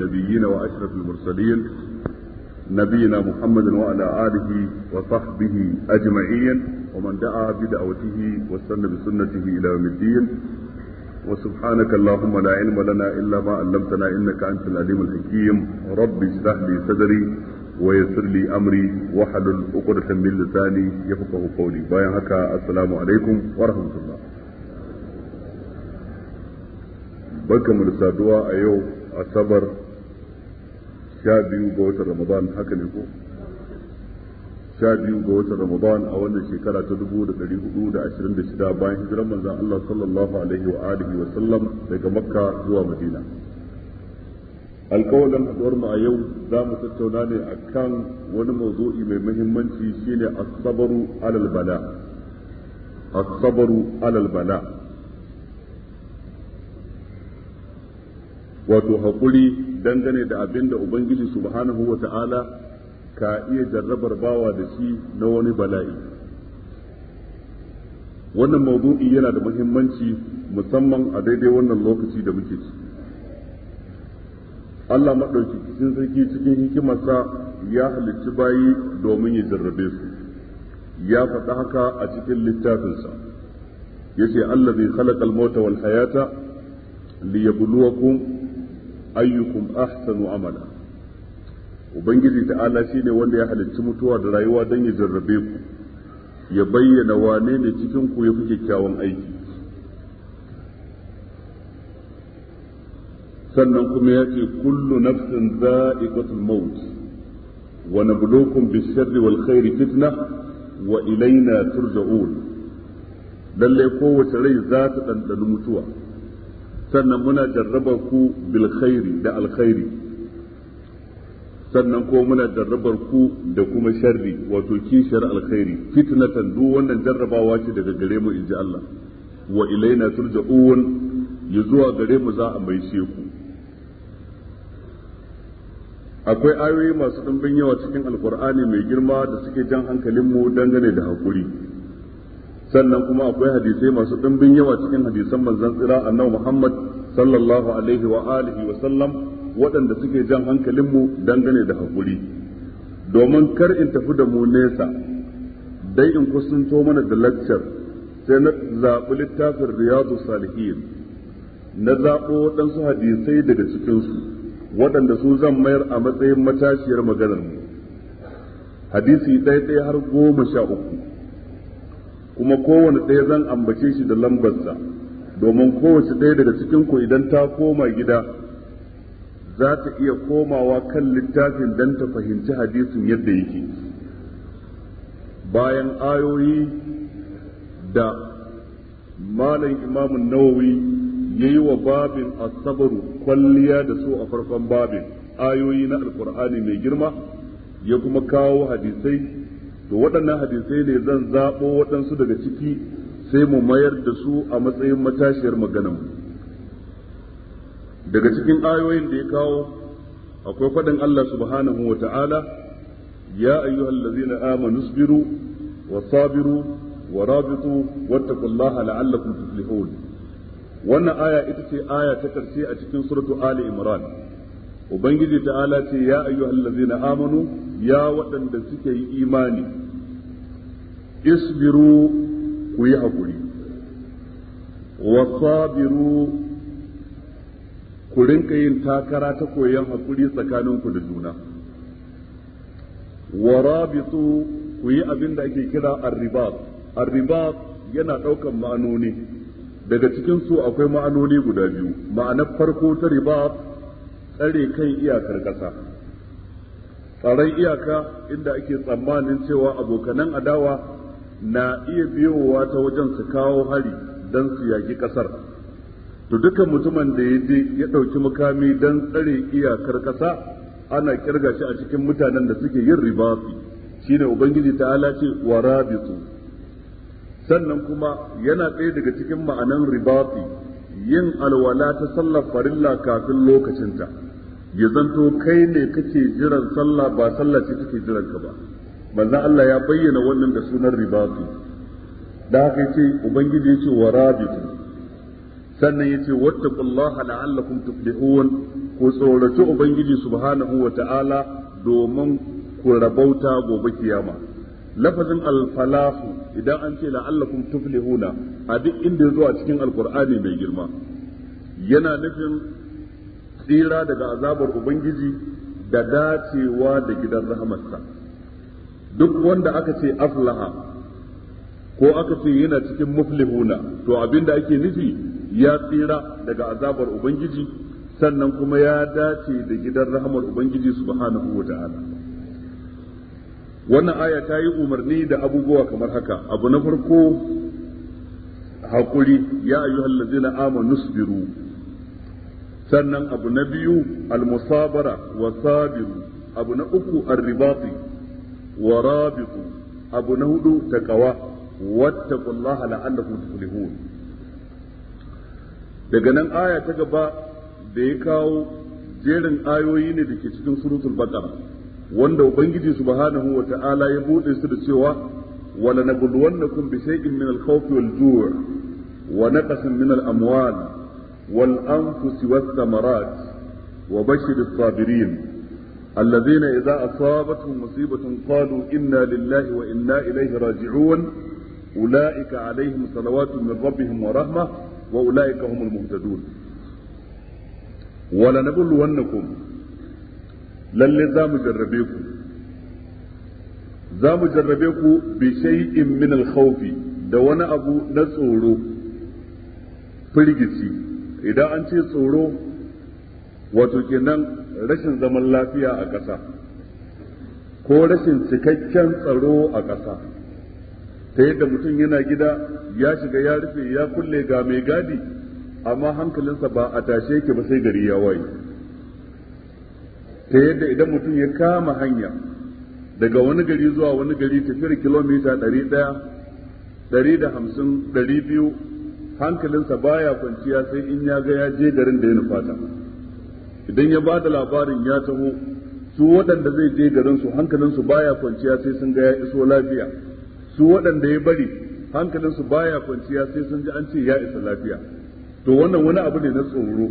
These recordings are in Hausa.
النبيين وأشرف المرسلين نبينا محمد وعلى آله وصحبه أجمعين ومن دعا بدعوته واستنى بسنته إلى يوم الدين وسبحانك اللهم لا علم لنا إلا ما علمتنا إنك أنت العليم الحكيم رب اشرح لي صدري ويسر لي أمري واحلل عقدة من لساني يفقه قولي بايعك هكا السلام عليكم ورحمة الله بكم da ايوه أصبر sha biyu ga watan ramadan haka ne ko sha biyu ga watan ramadan a wannan shekara ta dubu da ɗari hudu da ashirin da shida bayan hijiran manzan Allah sallallahu alaihi wa alihi wa sallam daga makka zuwa madina alkawalin haɗuwar mu a yau za mu tattauna ne a kan wani mazo'i mai muhimmanci shine asabaru alal bala asabaru alal bala wato haƙuri dangane da abin da ubangiji subhanahu wa ta'ala ka iya jarrabar bawa da shi na wani bala'i wannan maudu'i yana da muhimmanci musamman a daidai wannan lokaci da muke ci Allah maɗauki cikin sarki cikin hikimarsa ya halicci bayi domin ya jarrabe su ya faɗa haka a cikin littafinsa yace allazi khalaqal mauta wal hayata liyabluwakum ayyukum ahsanu amala ubangiji ta'ala shine wanda ya halicci mutuwa da rayuwa don ya jarrabe ku ya bayyana wane ne cikin ku ya fi kyakkyawan aiki sannan kuma ya ce kullu nafsin za'iqatul maut wa nabluukum bis-sharri wal khairi fitna wa ilaina turja'un lalle kowace rai za ta ɗanɗani mutuwa sannan muna jarraba ku bil khairi da alkhairi sannan ko muna jarrabar ku da kuma sharri wato kishiyar alkhairi fitnatan duk wannan jarrabawa ce daga gare mu inji Allah wa ilaina turja'un ya zuwa gare mu za a maishe ku akwai ayoyi masu ɗumbin yawa cikin alkur'ani mai girma da suke jan hankalin mu dangane da hakuri sannan kuma akwai hadisai masu ɗimbin yawa cikin hadisan manzon tsira annabi Muhammad sallallahu alaihi wa alihi wa sallam waɗanda suke jan hankalinmu dangane da hakuri domin kar in tafi da mu nesa dai in kusanto mana da laccar sai na zaɓi littafin riyadu salihin na zaɓo waɗansu hadisai daga cikinsu waɗanda su zan mayar a matsayin matashiyar maganar mu hadisi ɗaya ɗaya har goma sha uku kuma kowane ɗaya zan ambace shi da lambarsa domin kowace ɗaya daga cikin ku idan ta koma gida za ta iya komawa kan littafin don ta fahimci hadisin yadda yake bayan ayoyi da malam imamun nawawi ya yi wa babin asabaru kwalliya da su a farkon babin ayoyi na alkur'ani mai girma ya kuma kawo hadisai to waɗannan hadisai ne zan zaɓo waɗansu daga ciki sai mu mayar da su a matsayin matashiyar maganan daga cikin ayoyin da ya kawo akwai faɗin Allah subhanahu wa ta'ala ya ayyuhal ladzina amanu sabiru wa sabiru wa rabitu wattaqullaha la'allakum tuflihun wannan aya ita ce aya ta karshe a cikin suratu ali imran ubangiji ta'ala ce ya ayyuhal ladzina amanu ya waɗanda suke yi imani isbiru ku yi haƙuri wa sabiru ku rinka yin takara ta koyon hakuri tsakaninku da juna wa rabitu ku yi abin da ake kira arribat arribat yana ɗaukan ma'anoni daga cikin su akwai ma'anoni guda biyu ma'anar farko ta ribat tsare kan iyakar ƙasa tsaron iyaka inda ake tsammanin cewa abokanan adawa na iya biyowa ta wajen su kawo hari don su yaƙi ƙasar to dukkan mutumin da ya je ya ɗauki mukami don tsare iyakar ƙasa ana kirga shi a cikin mutanen da suke yin ribafi shine ubangiji ta ce wa rabitu sannan kuma yana ɗaya daga cikin ma'anan ribafi yin alwala ta sallar farilla kafin lokacinta ya zanto kai ne kake jiran sallah ba sallah ce kake jiran ka ba manzo Allah ya bayyana wannan da sunan ribatu da haka yace ubangiji yace wa rabitu sannan yace wattaqullaha la'allakum tuflihun ku tsoraci ubangiji subhanahu wa ta'ala domin ku rabauta gobe kiyama lafazin alfalahu idan an ce la'allakum tuflihuna a duk inda ya zo a cikin alqur'ani mai girma yana nufin tsira daga azabar ubangiji da dacewa da gidan rahamarsa duk wanda aka ce aflaha ko aka ce yana cikin muflihuna to abinda ake nufi ya tsira daga azabar ubangiji sannan kuma ya dace da gidan rahamar ubangiji subhanahu wa ta'ala wannan aya ta yi umarni da abubuwa kamar haka abu na farko hakuri ya ayyuhallazina amanu sabiru sannan abu na biyu almusabara wa sabiru abu na uku arribati wa rabitu abu na hudu taqwa wattaqullaha la'allakum tuflihun daga nan aya ta gaba da ya kawo jerin ayoyi ne da ke cikin suratul baqara wanda ubangiji subhanahu wa ta'ala ya bude su da cewa wala nabluwannakum bi shay'in min al-khawfi wal-ju' wa naqsin min al-amwali والأنفس والثمرات وبشر الصابرين الذين إذا أصابتهم مصيبة قالوا إنا لله وإنا إليه راجعون أولئك عليهم صلوات من ربهم ورحمة وأولئك هم المهتدون ولنبلونكم lalle za mu jarrabe ku za mu jarrabe ku bi shay'in min al da wani abu na tsoro firgici idan an ce tsoro wato kenan rashin zaman lafiya a ƙasa ko rashin cikakken tsaro a ƙasa ta yadda mutum yana gida ya shiga ya rufe ya kulle ga mai gadi amma hankalinsa ba a tashe yake ba sai gari ya waye ta yadda idan mutum ya kama hanya daga wani gari zuwa wani gari tafiyar kilomita ɗari ɗaya ɗari da hankalinsa baya kwanciya sai in ya ga ya je garin da ya nufata idan ya ba da labarin ya taho su waɗanda zai je garin su hankalinsu baya kwanciya sai sun ga ya iso lafiya su waɗanda ya bari hankalinsu baya kwanciya sai sun ji an ce ya isa lafiya to wannan wani abu ne na tsoro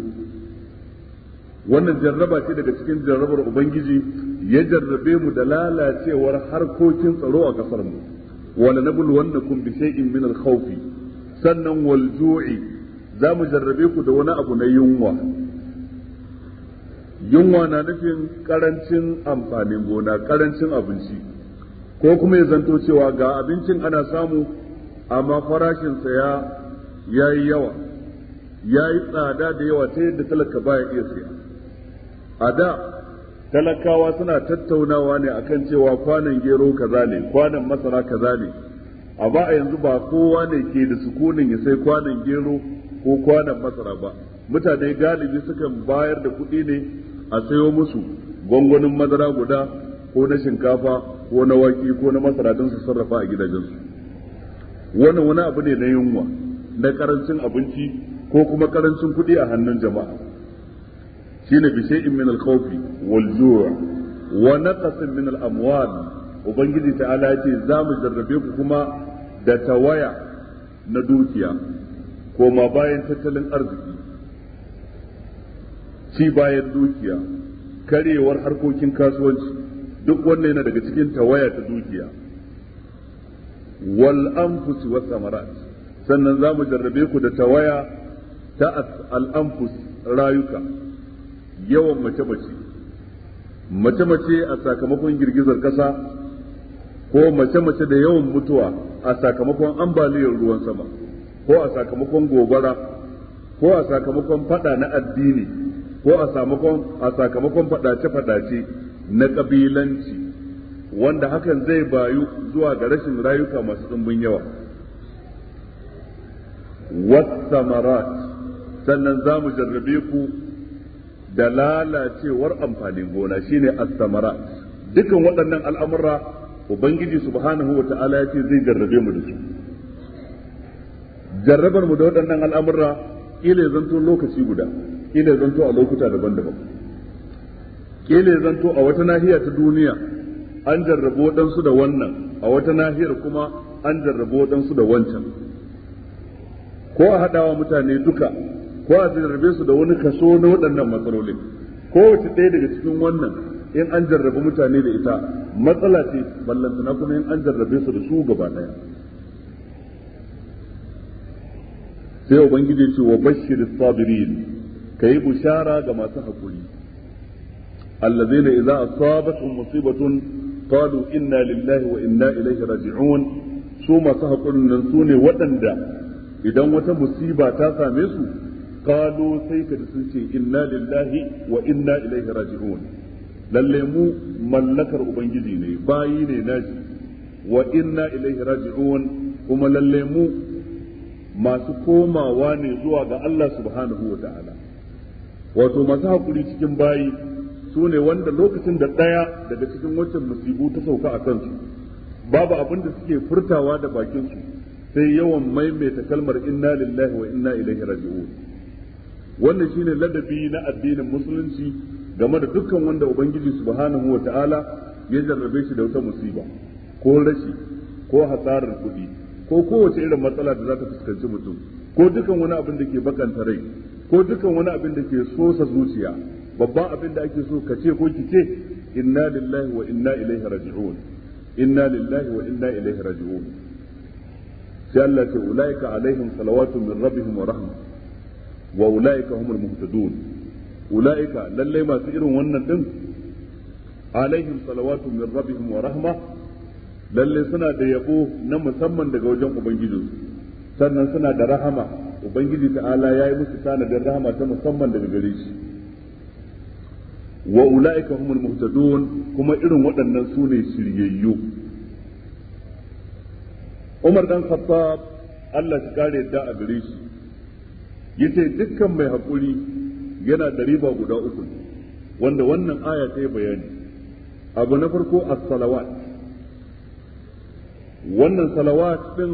wannan jarraba ce daga cikin jarrabar ubangiji ya jarrabe mu da lalacewar harkokin tsaro a kasar mu wala nabul wannakum bi shay'in min al-khawfi sannan waljo'i, za mu jarrabe ku da wani abu na yunwa yunwa na nufin karancin amfanin gona karancin abinci ko kuma ya zanto cewa ga abincin ana samu amma farashinsa ya yi yawa ya yi tsada da yawa ta yadda talaka baya iya siya a da talakawa suna tattaunawa ne akan cewa kwanan gero kaza ne kwanan masara kaza ne amma a yanzu ba kowa ne ke da sukunin ya sai kwanan gero ko kwanan masara ba mutane galibi sukan bayar da kuɗi ne a sayo musu gwangwanin madara guda ko na shinkafa ko na waki ko na masara don su sarrafa a gidajensu wannan wani abu ne na yunwa na karancin abinci ko kuma karancin kuɗi a hannun jama'a shine bi shay'in min al-khawfi wal ju' wa naqsin min al-amwal ubangiji ta'ala ce za mu jarrabe ku kuma da tawaya na dukiya koma bayan tattalin arziki ci bayan dukiya karewar harkokin kasuwanci duk wannan yana daga cikin tawaya ta dukiya wal anfus wa samarat sannan za mu jarrabe ku da tawaya ta al anfus rayuka yawan mace mace mace mace a sakamakon girgizar kasa ko mace-mace da yawan mutuwa a sakamakon ambaliyar ruwan sama ko a sakamakon gobara ko a sakamakon fada na addini ko a sakamakon a sakamakon fadace-fadace na kabilanci wanda hakan zai bayu zuwa ga rashin rayuka masu tsumbin yawa wasamarat sannan za mu jarrabe ku da lalacewar amfanin gona shine as-samara dukan waɗannan al'amura ubangiji subhanahu wa ta'ala ya ce zai jarrabe mu da su jarrabar mu da waɗannan al'amurra kila zanto lokaci guda kila zanto a lokuta daban-daban kila zanto a wata nahiya ta duniya an jarrabu waɗansu da wannan a wata nahiyar kuma an jarrabo waɗansu da wancan ko a haɗawa mutane duka ko a jarrabe su da wani kaso na waɗannan matsalolin kowace ɗaya daga cikin wannan in an jarrabe mutane da ita matsala ce ballantana kuma in an jarrabe su da su gaba daya sai ubangiji ce wa bashir sabirin yi bushara ga masu haƙuri. hakuri allazina idza asabatuhum musibatun qalu inna lillahi wa inna ilaihi raji'un su masu hakurin nan su ne waɗanda idan wata musiba ta same su qalu sai ka sun ce inna lillahi wa inna ilaihi raji'un lalle mu mallakar ubangiji ne bayi ne naji wa inna ilaihi raji'un kuma lalle mu masu komawa ne zuwa ga Allah subhanahu wa ta'ala wato masu hakuri cikin bayi su ne wanda lokacin da ɗaya daga cikin wancan musibu ta sauka a kansu babu abin da suke furtawa da bakinsu sai yawan maimaita kalmar inna lillahi wa inna ilaihi raji'un wannan shine ladabi na addinin musulunci game da dukkan wanda ubangiji subhanahu wata'ala ya jarrabe shi da wata musiba ko rashi ko hasarar kuɗi ko kowace irin matsala da za ta fuskanci mutum ko dukkan wani abin da ke bakanta rai ko dukkan wani abin da ke sosa zuciya babban abin da ake so ka ce ko ki ce inna lillahi wa inna ilaihi raji'un inna lillahi wa inna ilaihi raji'un sai Allah ce ulaika alaihim salawatu min rabbihim wa rahma wa ulaika humul muhtadun ulaika lallai masu irin wannan din alaihim salawatu min rabbihim wa rahma lallai suna da yabo na musamman daga wajen ubangijinsu sannan suna da rahama ubangiji ta'ala yayi musu tanadin rahama ta musamman daga gare shi wa ulaika humul muhtadun kuma irin waɗannan su ne shiryayyu Umar dan Khattab Allah shi kare da a gare shi yace dukkan mai hakuri yana da riba guda uku wanda wannan aya ta bayani abu na farko a salawat wannan salawat ɗin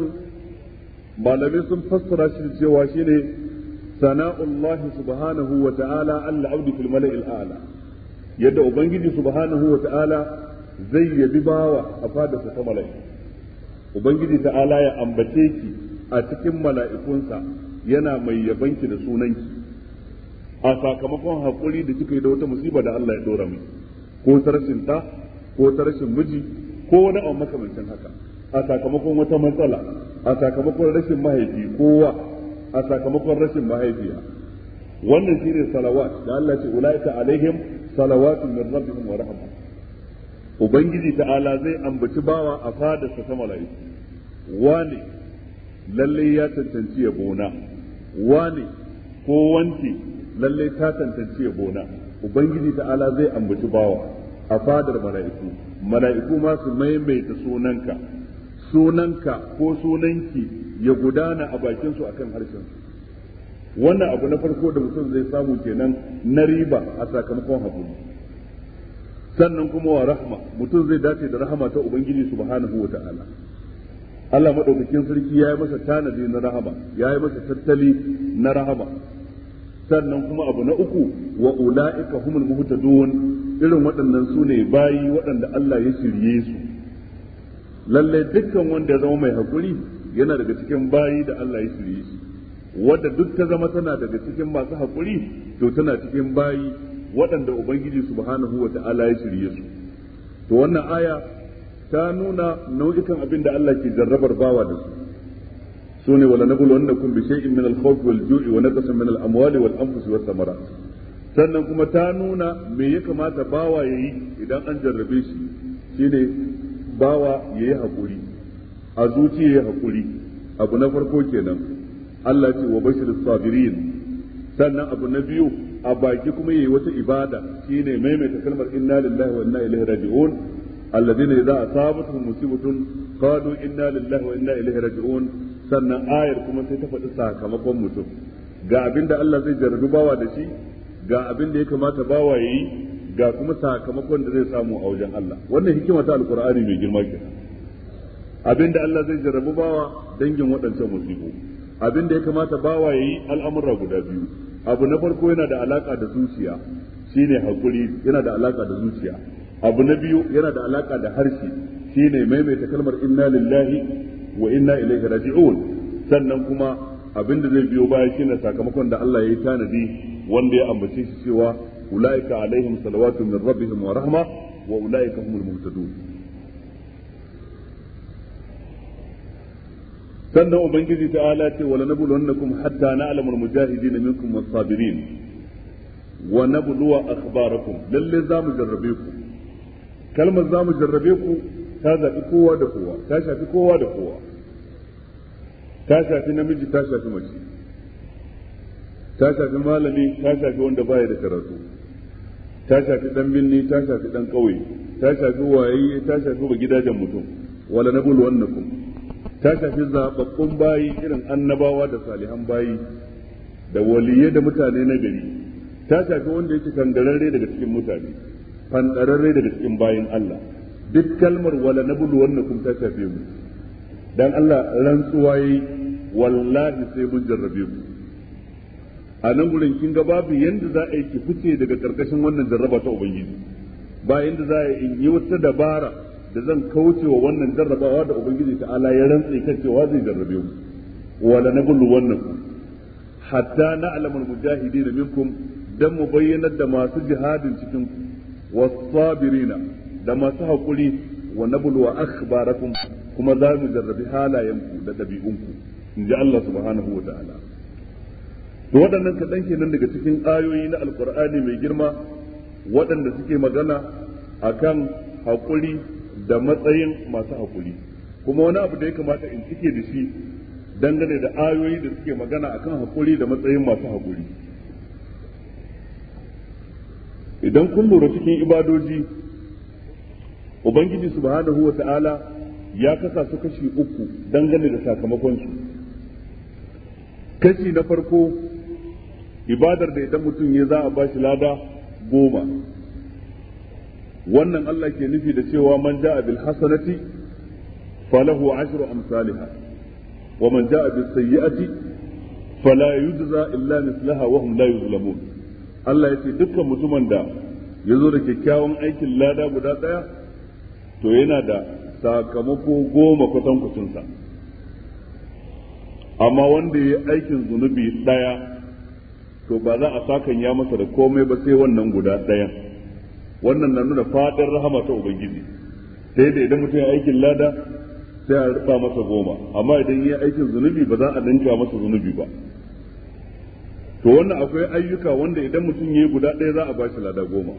malamai sun fassara shi da cewa shine sana'ullahi subhanahu wa ta'ala Allah abdi fil mala'il a'la yadda ubangiji subhanahu wa ta'ala zai yabi bawa a fada sa mala'i ubangiji ta'ala ya ambace ki a cikin mala'ikunsa yana mai yabanki da sunanki a sakamakon haƙuri da kika yi da wata musiba da Allah ya dora mu ko ta rashin ta ko ta rashin miji ko wani abu makamancin haka a sakamakon wata matsala a sakamakon rashin mahaifi kowa a sakamakon rashin mahaifiya wannan shine salawat da Allah ce ulaita alaihim salawatun min rabbihim wa rahma. ubangiji ta'ala zai ambaci bawa a fadarsa ta mala'iku Wani lalle ya cancanci yabona wani ko wance Lallai ta tantance gona ubangiji ala zai ambaci bawa a fadar mala'iku mala'iku ma su maimaita sunanka sunanka ko sunanki ya gudana a bakin su akan harshen su wannan abu na farko da mutum zai samu kenan na riba a sakamakon hakuri sannan kuma wa rahma mutum zai dace da rahama ta ubangiji subhanahu wa ta'ala Allah madaukakin sarki ya yi masa tanadi na rahama ya yi masa tattali na rahama sannan kuma abu na uku wa ula'ika humul muhtadun irin waɗannan su ne bayi waɗanda Allah ya shirye su lalle dukkan wanda ya zama mai hakuri yana daga cikin bayi da Allah ya shirye shi wanda duk ta zama tana daga cikin masu hakuri to tana cikin bayi waɗanda ubangiji subhanahu wa ta'ala ya shirye su to wannan aya ta nuna nau'ikan abin da Allah ke jarrabar bawa da su sune wala wanda kun bi shay'in min al-khawfi wal-ju'i wa naqsin min al-amwali wal-anfusi wath-thamarat sannan kuma ta nuna me ya kamata bawa yayi idan an jarrabe shi shine bawa yayi hakuri a zuciya yayi hakuri abu na farko kenan Allah ce wa bashir sabirin sannan abu na biyu a baki kuma yayi wata ibada shine maimaita kalmar inna lillahi wa inna ilaihi raji'un alladhina idza asabatuhum musibatun qalu inna lillahi wa inna ilaihi raji'un sannan ayar kuma sai ta faɗi sakamakon mutum ga abin da Allah zai jarabi bawa da shi ga abin da ya kamata bawa ya yi ga kuma sakamakon da zai samu a wajen Allah wannan hikima ta alkur'ani mai girma ke. abin da Allah zai jarabi bawa dangin waɗancan musibu abin da ya kamata bawa ya yi al'amura guda biyu abu na farko yana da alaka da zuciya shine hakuri yana da alaka da zuciya abu na biyu yana da alaka da harshe shine maimaita kalmar inna lillahi wa inna ilaihi raji'un sannan kuma abin da zai biyo baya shine sakamakon da Allah ya yi tanadi wanda ya ambace shi cewa ulaika alaihim salawatu min rabbihim wa rahma wa ulaika humul muhtadun sannan ubangiji ta'ala ce wala nabluwannakum hatta na'lamul mujahidin minkum was-sabirin wa nabluwa akhbarakum lalle za mu jarrabe ku kalmar za mu jarrabe ku ta zaɓi kowa da kowa ta shafi kowa da kowa ta shafi namiji ta shafi mace ta shafi malami ta shafi wanda baya da karatu ta shafi dan binni ta shafi dan ƙauye ta shafi waye ta shafi ba gidajen mutum wala nabul wannakum ta shafi zababbun bayi irin annabawa da salihan bayi da waliyai da mutane na gari ta shafi wanda yake kangararre daga cikin mutane fandararre daga cikin bayin Allah duk kalmar wala nabulu kun ta shafe mu dan Allah rantsuwa yi wallahi sai mun jarrabe ku a nan gurin kin ga babu yanda za a yi ki fice daga karkashin wannan jarraba ta ubangiji ba yanda za a yi wata dabara da zan kauce wa wannan jarrabawa da ubangiji ta ala ya rantsi kan cewa zai jarrabe mu wala nabulu ku. hatta na na'lamul mujahidin minkum dan mu bayyana da masu jihadin cikin ku da masu haƙuri wa nabluwa akhbarakum kuma za mu jarrabi halayenku da ɗabi'unku in ji Allah subhanahu wa ta'ala to waɗannan kaɗan kenan daga cikin ayoyi na alƙur'ani mai girma waɗanda suke magana akan haƙuri da matsayin masu haƙuri kuma wani abu da ya kamata in cike da shi dangane da ayoyi da suke magana akan haƙuri da matsayin masu haƙuri idan kun lura cikin ibadoji ubangiji subhanahu wa ta'ala ya kasa su kashi uku dangane da sakamakon su kashi na farko ibadar da idan mutum ya za a ba shi lada goma wannan Allah ke nufi da cewa man ja'a bil hasanati falahu ashru amsalha wa man ja'a bis sayyi'ati fala yujza illa mislaha wa hum la yuzlamun Allah yace dukkan mutumin da yazo da kyakkyawan aikin lada guda daya to yana da sakamako goma kwatan kusunsa, amma wanda ya aikin zunubi ɗaya to ba za a sakan ya masa da komai ba sai wannan guda ɗayan wannan na nuna faɗin rahama ta ubangiji sai da idan mutum ya aikin lada sai a rufa masa goma amma idan ya aikin zunubi ba za a danka masa zunubi ba to wannan akwai ayyuka wanda idan mutum ya yi guda ɗaya za a ba shi lada goma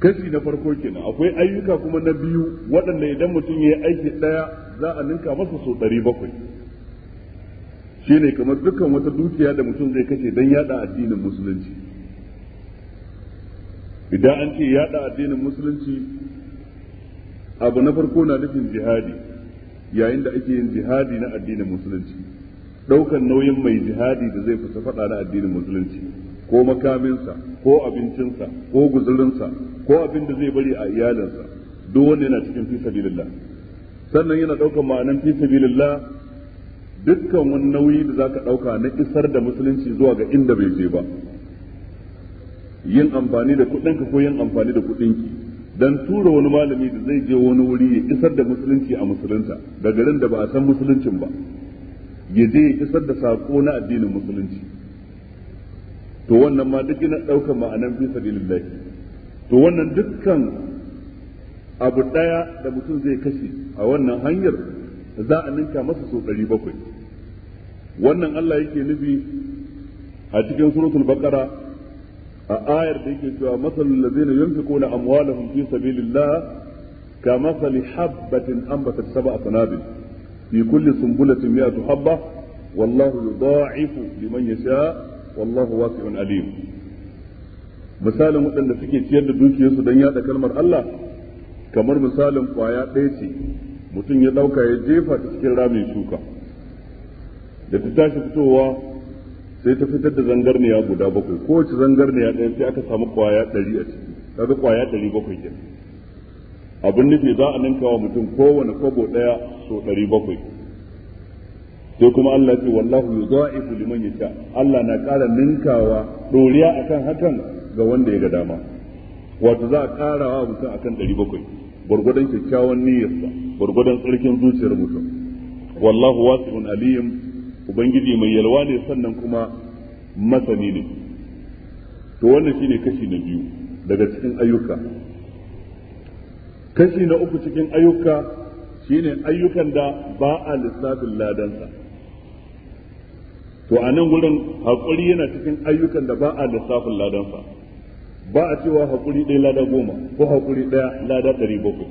kashi na farko kenan akwai ayyuka kuma na biyu waɗanda idan mutum ya yi aiki ɗaya za a ninka masa sau ɗari bakwai shi ne kamar dukkan wata dukiya da mutum zai kashe don yaɗa addinin musulunci idan an ce yaɗa addinin musulunci abu na farko na nufin jihadi yayin da ake yin jihadi na addinin musulunci ɗaukan nauyin mai jihadi da zai fita faɗa na addinin musulunci ko makaminsa ko abincinsa ko guzurinsa ko abin da zai bari a iyalinsa duk wanda yana cikin fi sabilillah sannan yana ɗaukar ma'anan fi sabilillah dukkan wani nauyi da zaka ɗauka na isar da musulunci zuwa ga inda bai je ba yin amfani da kuɗinka ko yin amfani da kuɗinki dan tura wani malami da zai je wani wuri ya isar da musulunci a musulunta da garin da ba a san musuluncin ba ya je ya isar da sako na addinin musulunci to wannan ma duk yana ɗaukar ma'anan fi sabilillah to wannan dukkan abu ɗaya da mutum zai kashe a wannan hanyar za a ninka masa so ɗari bakwai wannan Allah yake nufi a cikin suratul baqara a ayar da yake cewa masalul ladzina yunfiquna amwalahum fi sabilillah كمثل حبة أنبتت sun سنابل في كل سنبلة ya حبة والله يضاعف لمن يشاء wallahu wasi'un alim misalin waɗanda suke ciyar da dukiyarsu don yada kalmar Allah kamar misalin kwaya ɗaya ce mutum ya ɗauka ya jefa ta cikin ramin shuka da ta tashi fitowa sai ta fitar da zangarniya guda bakwai kowace zangarniya ɗaya sai aka samu kwaya ɗari a ciki kaga kwaya ɗari bakwai kenan abin nufi za a ninka wa mutum kowane kwabo ɗaya so ɗari bakwai sai kuma Allah ce wallahu yudha'ifu liman yasha Allah na ƙara ninkawa doriya akan hakan ga wanda ya ga dama wato za a ƙara wa mutum akan 700 gurgudan kyakkyawan niyyarsa gurgudan tsarkin zuciyar mutum wallahu wasi'un alim ubangiji mai yalwa ne sannan kuma masani ne to wannan shine kashi na biyu daga cikin ayyuka kashi na uku cikin ayyuka shine ayyukan da ba a lissafin ladansa to a nan gurin haƙuri yana cikin ayyukan da ba a lissafin ladan fa ba a cewa haƙuri ɗaya lada goma ko haƙuri ɗaya lada ɗari bakwai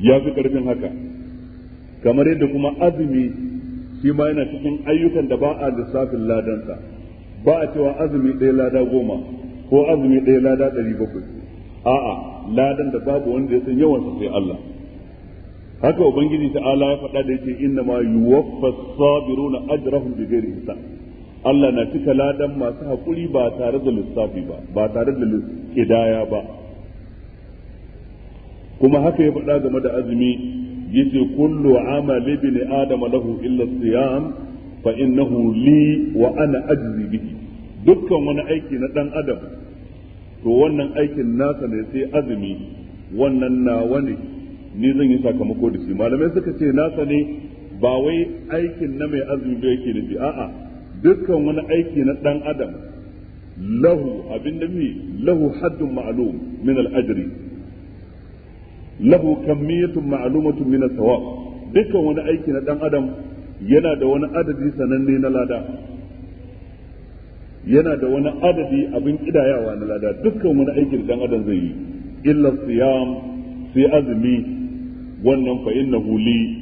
ya fi ƙarfin haka kamar yadda kuma azumi shi ma yana cikin ayyukan da ba a lissafin ladansa ba a cewa azumi ɗaya lada goma ko azumi ɗaya lada ɗari bakwai a'a ladan da babu wanda ya san yawansa sai Allah haka ubangiji ta Ala ya faɗa da yake inna ma yuwaffa sabiruna ajrahum ghairi hisab Allah na cika ladan masu haƙuri ba tare da lissafi ba ba tare da kidaya ba kuma haka ya faɗa game da azumi yace kullu amali bin adama lahu illa siyam fa innahu li wa ana ajzi bihi dukkan wani aiki na dan adam to wannan aikin nasa ne sai azumi wannan nawa ne ni zan yi sakamako da shi malamai suka ce nasa ne ba wai aikin na mai azumi da yake nufi a'a dukkan wani aiki na dan adam lahu abin da mi lahu haddun ma'lum min al-ajri lahu kamiyatun ma'lumatun min al-thawab dukkan wani aiki na dan adam yana da wani adadi sananne na lada yana da wani adadi abin kidayawa na lada dukkan wani aikin dan adam zai yi illa siyam sai azumi wannan fa na huli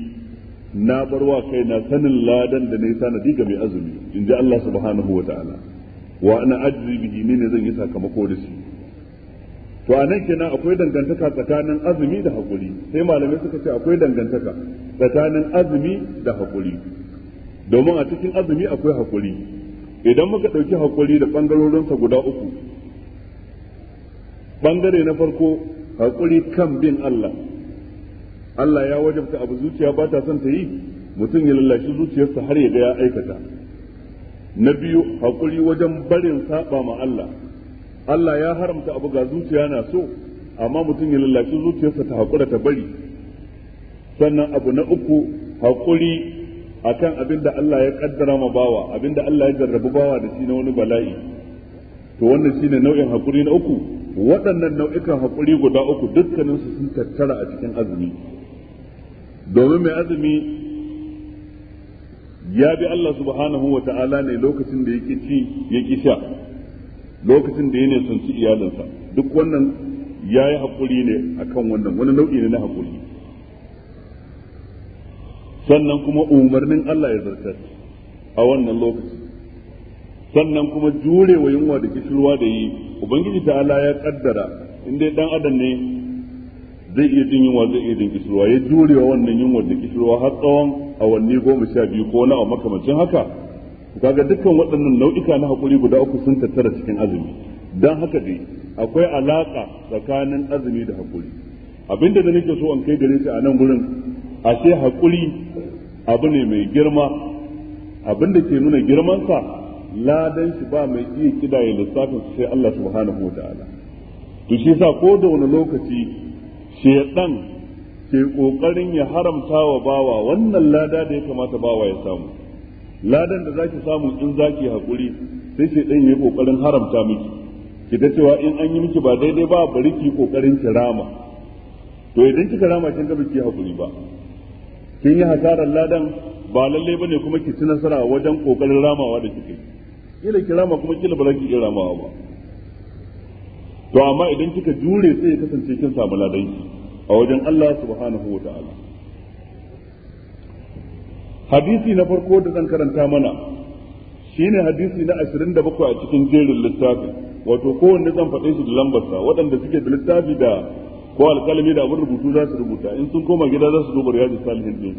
na bar barwa na sanin ladan da na yi sanadi ga mai azumi in ji Allah subhanahu wa ta'ala wa ana ajri biji ne zan yi sakamako da shi to a nan kenan akwai dangantaka tsakanin azumi da haƙuri sai malamai suka ce akwai dangantaka tsakanin azumi da haƙuri. domin a cikin azumi akwai haƙuri, idan muka ɗauki haƙuri da ɓangarorinsa guda uku ɓangare na farko haƙuri kan bin Allah Allah ya wajabta abu zuciya ba ta son ta yi mutum ya lallashi zuciyarsa har ya ga ya aikata na biyu haƙuri wajen barin saɓa ma Allah Allah ya haramta abu ga zuciya na so amma mutum ya lallashi zuciyarsa ta haƙura ta bari sannan abu na uku a akan abin da Allah ya ƙaddara ma bawa abin da Allah ya jarrabu bawa da shi na wani bala'i to wannan shine nau'in haƙuri na uku waɗannan nau'ikan haƙuri guda uku dukkaninsu sun tattara a cikin azumi domin mai azumi ya bi Allah subhanahu wa ta'ala ne lokacin da yake ci ya ki sha lokacin da yana son ci iyalinsa duk wannan ya yi haƙuri ne akan wannan wani nau'i ne na haƙuri sannan kuma umarnin Allah ya zartar a wannan lokaci sannan kuma jure wa yunwa da kishirwa da yi ubangiji ta'ala ya kaddara inda dan adam ne zai iya jin yunwa zai iya jin kishirwa ya jurewa wannan yunwa da kishirwa har tsawon awanni goma sha biyu ko na makamancin haka kaga dukkan waɗannan nau'ika na haƙuri guda uku sun tattara cikin azumi don haka dai akwai alaƙa tsakanin azumi da haƙuri abinda da nake so an kai gare shi a nan gurin ashe haƙuri abu ne mai girma abinda ke nuna girmansa ladan shi ba mai iya kidaye lissafin sai Allah subhanahu wa ta'ala to shi ko da wani lokaci shedan ke kokarin ya haramta wa bawa wannan lada da ya kamata bawa ya samu ladan da zaki samu in zaki hakuri sai shedan ya kokarin haramta miki ki cewa in an yi miki ba daidai ba bari ki kokarin kirama to idan kika rama kin ga biki hakuri ba kin yi hasarar ladan ba lalle bane kuma ki ci nasara wajen kokarin ramawa da kike kila kirama kuma kila bari ki iya ramawa ba to amma idan kika jure sai ya kasance kin samu ladanki a wajen Allah subhanahu wa ta'ala hadisi na farko da zan karanta mana shine hadisi na 27 a cikin jerin littafin wato kowanne zan faɗe shi da lambarsa waɗanda suke da littafi da ko alƙalami da abin rubutu za su rubuta in sun koma gida za su duba riyadu salihin din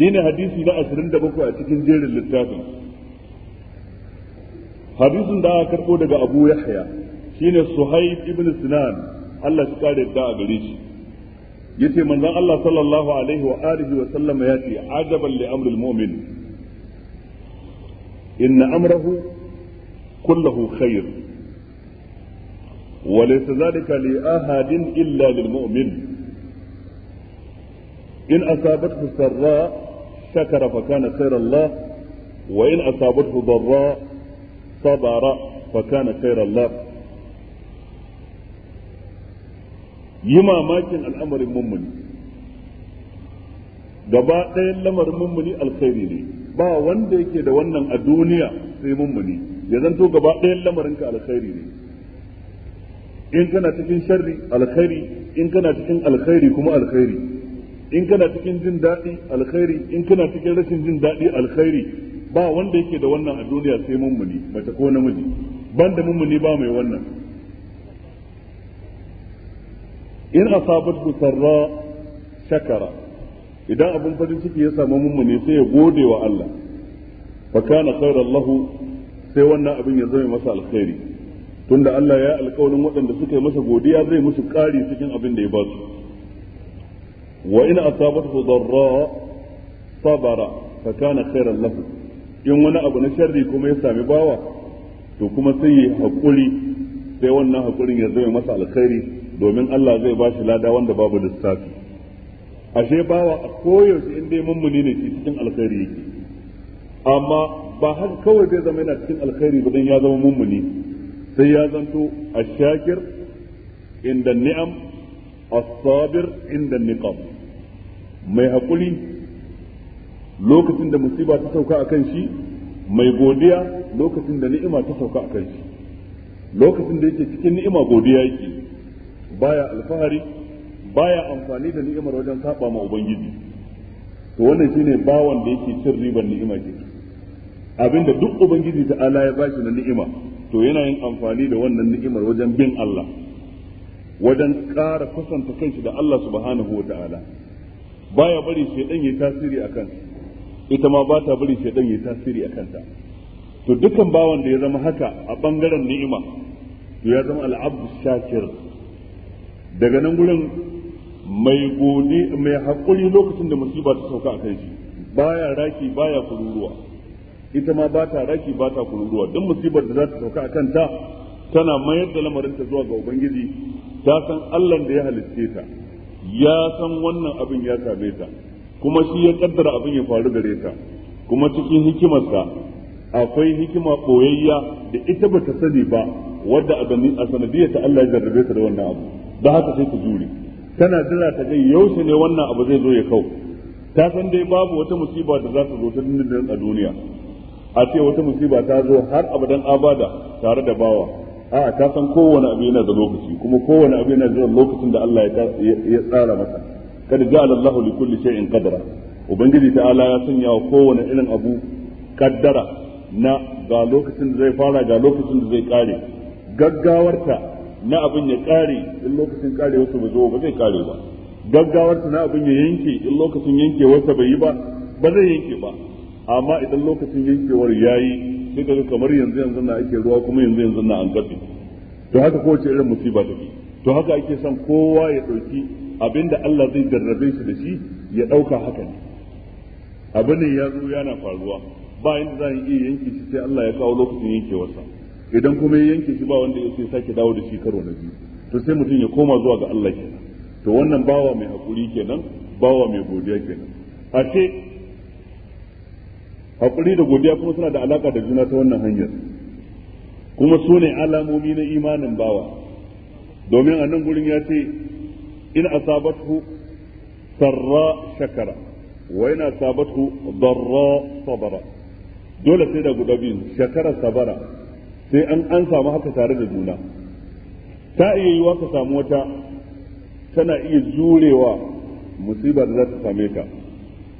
shine hadisi na 27 a cikin jerin littafin hadisin da aka karɓo daga Abu Yahya shine suhaib ibn sinan Allah ya kare da a gare shi yace manzon Allah sallallahu alaihi wa alihi wa sallama yace ajaban li amril mu'min inna amrahu kulluhu khair wa laysa li ahadin وليس ذلك in asabathu sarra shakara fa kana khair Allah wa in asabathu darra sabara fa kana khair Allah yi mamakin al'amarin mummuni gaba ɗayan lamarin mummuni alkhairi ne ba wanda yake da wannan a duniya sai mummuni ya zanto gaba ɗayan lamarinka alkhairi ne in kana cikin sharri alkhairi in kana cikin alkhairi kuma alkhairi in kana cikin jin daɗi alkhairi in kana cikin rashin jin daɗi alkhairi ba wanda yake da wannan a duniya sai mummuni mace ko namiji ban da mummuni ba mai wannan in asabatu sarra shakara idan abin farin ciki ya samu ne sai ya gode wa Allah fa kana khairan lahu sai wannan abin ya zama masa alkhairi tunda Allah ya alƙawarin waɗanda suka yi masa godiya zai musu ƙari cikin abin da ya ba su wa in asabatu darra sabara fa kana khairan lahu in wani abu na sharri kuma ya sami bawa to kuma sai ya haƙuri, sai wannan hakurin ya zama masa alkhairi domin Allah zai ba shi lada wanda babu lissafi ashe bawa a koyaushe in dai mummuni ne cikin alkhairi yake amma ba har kawai zai zama yana cikin alkhairi ba dan ya zama mummuni sai ya zanto ashakir inda ni'am as-sabir inda niqam mai hakuri lokacin da musiba ta sauka akan shi mai godiya lokacin da ni'ima ta sauka akan shi lokacin da yake cikin ni'ima godiya yake baya alfahari baya amfani da ni'imar wajen saba ma ubangiji to wannan shine bawan da yake cin ribar ni'ima ke abinda duk ubangiji ta ala ya bashi na ni'ima to yana yin amfani da wannan ni'imar wajen bin Allah wajen ƙara kusanta kanshi da Allah subhanahu wa ta'ala baya bari shaidan ya tasiri akan ita ma ba ta bari shaidan ya tasiri akan ta to dukan bawan da ya zama haka a bangaren ni'ima to ya zama al'abdu shakir daga nan gurin mai gode mai haƙuri lokacin da musiba ta sauka a kai baya raki baya kururuwa ita ma ba ta raki ba ta kururuwa don musibar da za ta sauka a kanta tana mayar da lamarinta zuwa ga ubangiji ta san allah da ya halitte ta ya san wannan abin ya same ta kuma shi ya kaddara abin ya faru gare ta kuma cikin hikimarsa akwai hikima ɓoyayya da ita ba ta sani ba wadda a sanadiyar ta allah ya jarrabe ta da wannan abu da haka sai ku jure tana jira ta ga yaushe ne wannan abu zai zo ya kau ta san dai babu wata musiba da za ta zo ta dindindin a duniya a ce wata musiba ta zo har abadan abada tare da bawa a ta san kowane abu yana da lokaci kuma kowane abu yana da lokacin da Allah ya tsara masa kada ja'ala Allahu li kulli shay'in qadara ubangiji ta'ala ya sanya wa kowane irin abu kaddara na ga lokacin da zai fara ga lokacin da zai kare gaggawarta na abin ya kare in lokacin kare wasu ba zo ba zai kare ba gaggawar na abin ya yanke in lokacin yankewarsa bai yi ba ba zai yanke ba amma idan lokacin yankewar yayi sai kaga kamar yanzu yanzu na ake ruwa kuma yanzu yanzu na an katse to haka kowace irin musiba take to haka ake son kowa ya dauki abinda Allah zai jarrabe shi da shi ya dauka haka ne abin ya zo yana faruwa ba inda za a iya yanke shi sai Allah ya kawo lokacin yankewarsa idan kuma ya yanke shi ba wanda ya sake dawo da shi karo na biyu to sai mutum ya koma zuwa ga Allah kenan to wannan bawa mai hakuri kenan bawa mai godiya kenan A ce hakuri da godiya kuma suna da alaka da juna ta wannan hanyar kuma su ne alamomi na imanin bawa domin a nan gurin ya ce in asabathu sarra shakara wa ina asabathu darra sabara dole sai da guda biyu shakara sabara sai an an samu haka tare da juna ta iya yiwa ka samu wata tana iya jurewa musiba da za ta same ka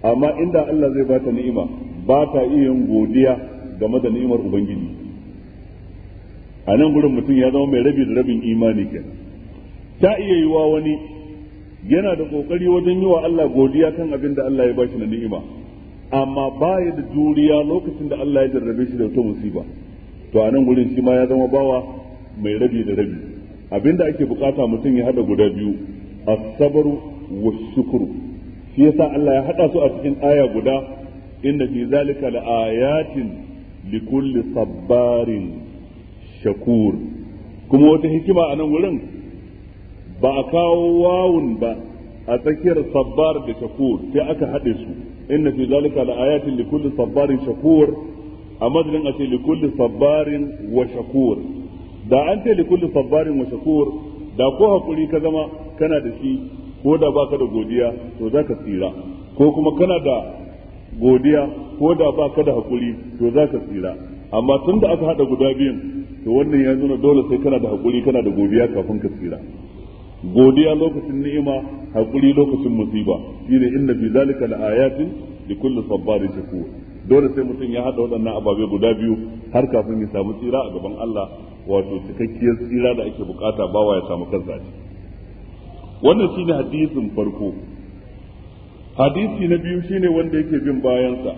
amma inda Allah zai bata ni'ima ba ta iya yin godiya game da ni'imar ubangiji a nan gurin mutum ya zama mai rabi da rabin imani ke ta iya yiwa wani yana da kokari wajen yi wa Allah godiya kan abin da Allah ya bashi na ni'ima amma ba ya da juriya lokacin da Allah ya jarrabe shi da wata musiba to a nan gurin shi ma ya zama bawa mai rabi da rabi abinda ake bukata mutum ya hada guda biyu asabaru wa shukuru shi yasa Allah ya hada su a cikin aya guda inna fi zalika laayatin likulli sabbarin shakur kuma wata hikima a nan wurin ba a kawo wawun ba a tsakiyar sabbar da shakur sai aka haɗe su inna fi zalika laayatin likulli sabbarin shakur a madadin a ce likulli sabbarin wa shakur da an ce likulli sabbarin wa shakur da ko hakuri ka zama kana da shi ko da baka da godiya to za ka tsira ko kuma kana da godiya ko da baka da hakuri to za ka tsira amma tun da aka haɗa guda biyun to wannan ya zuna dole sai kana da hakuri kana da godiya kafin ka tsira godiya lokacin ni'ima hakuri lokacin musiba shine inna fi zalika laayatin likulli sabbarin shakur dole sai mutum ya hada waɗannan ababe guda biyu har kafin ya samu tsira a gaban Allah wato cikakkiyar tsira da ake bukata bawa ya samu kansa a wannan shine hadisin farko hadisi na biyu shine wanda yake bin bayansa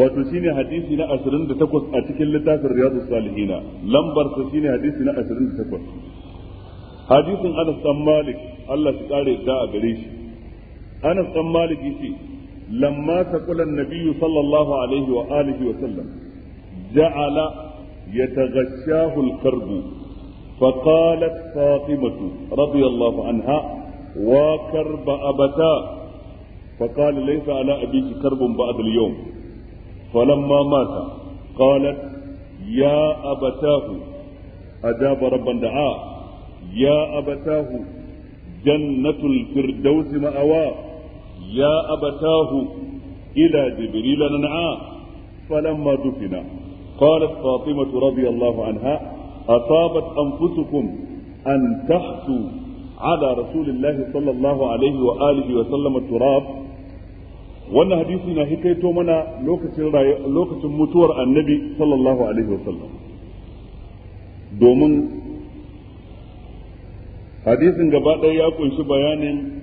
wato shine hadisi na 28 a cikin littafin riyadus salihin lambar sa shine hadisi na 28 hadisin Anas dan Malik Allah shi kare da a gare shi Anas dan Malik yace لما تقول النبي صلى الله عليه وآله وسلم جعل يتغشاه الكرب فقالت فاطمة رضي الله عنها وكرب أبتا فقال ليس على أبيك كرب بعد اليوم فلما مات قالت يا أبتاه أجاب ربا دعاه يا أبتاه جنة الفردوس مأواه ya abatahu ila jibril nan'a falamma dufina qalat fatima radiyallahu anha asabat anfusukum an tahsu na hikaito mana lokacin mutuwar annabi domin hadisin gaba ɗaya ya bayanin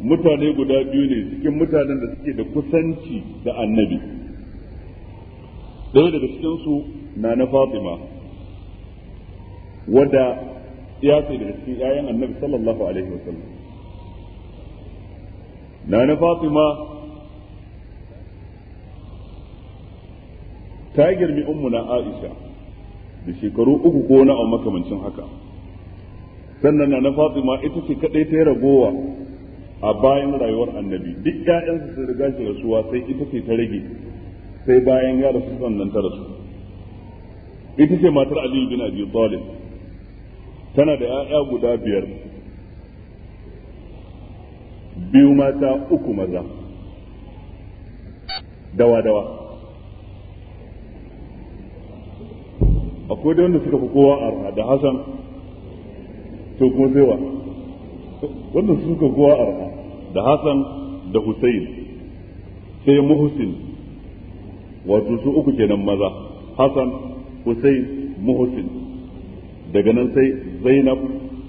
mutane guda biyu ne cikin mutanen da suke da kusanci da annabi ɗaya daga cikinsu na na fatima wadda ya sai daga cikin 'ya'yan annabi sallallahu alaihi wasallam na na fatima ta girmi na aisha da shekaru uku ko na a makamancin haka sannan na na fatima ita ce kaɗai ta yi ragowa a bayan rayuwar annabi duk ƴaƴansu sun riga shi rasuwa sai ita ce ta rage sai bayan ya rasu sannan ta rasu ita ce matar Aliyu bin Abi Talib tana da ƴaƴa guda biyar biyu mata uku maza dawa dawa akwai da wanda suka fi kowa arha da Hassan to kuma sai wa wanda suka kowa arha da Hassan da Hussein sai Muhsin wato su uku kenan maza Hassan Hussein Muhsin daga nan sai Zainab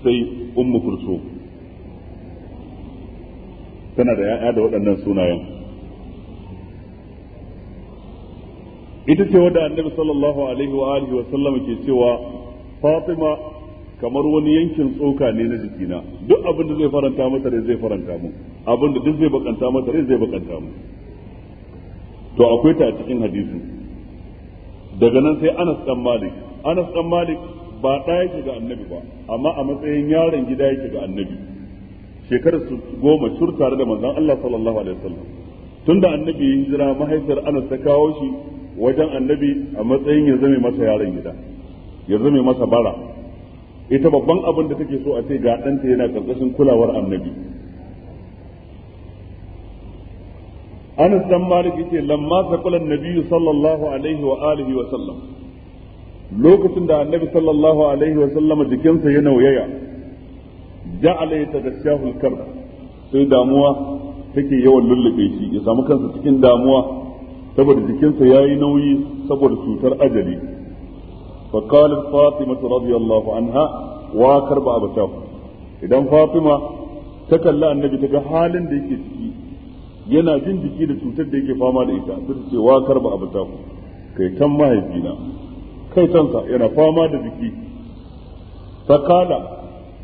sai Ummu Kulsum tana da ya'ya da waɗannan sunayen ita ce wadda annabi sallallahu alaihi wa alihi wa sallam ke cewa Fatima kamar wani yankin tsoka ne na jikina duk abin da zai faranta masa rai zai faranta mu abin da duk zai bakanta masa rai zai bakanta mu to akwai ta a cikin hadisi daga nan sai Anas dan Malik Anas dan Malik ba da yake ga annabi ba amma a matsayin yaron gida yake ga annabi shekarar su goma shur tare da manzon Allah sallallahu alaihi wasallam tunda annabi ya hijira mahaifiyar Anas ta kawo shi wajen annabi a matsayin ya zame masa yaron gida ya zame masa bara ita babban abin da take so a ce ga ɗanta yana karkashin kulawar annabi Anas dan Malik yace lamma taqala an sallallahu alaihi wa alihi wa sallam lokacin da annabi sallallahu alaihi wa sallam jikinsa ya nauyaya ja'ala yatagashahu al-karb sai damuwa take yawan lullube shi ya samu kansa cikin damuwa saboda jikinsa yayi nauyi saboda cutar ajali فقالت فاطمة رضي الله عنها واكر بابا شاف إذا فاطمة تكلا النبي تكا حالا ديك yana jin jiki da cutar da yake fama da ita sai ce wa karba abu ta kai tan mahaifina kai tanka yana fama da jiki fakala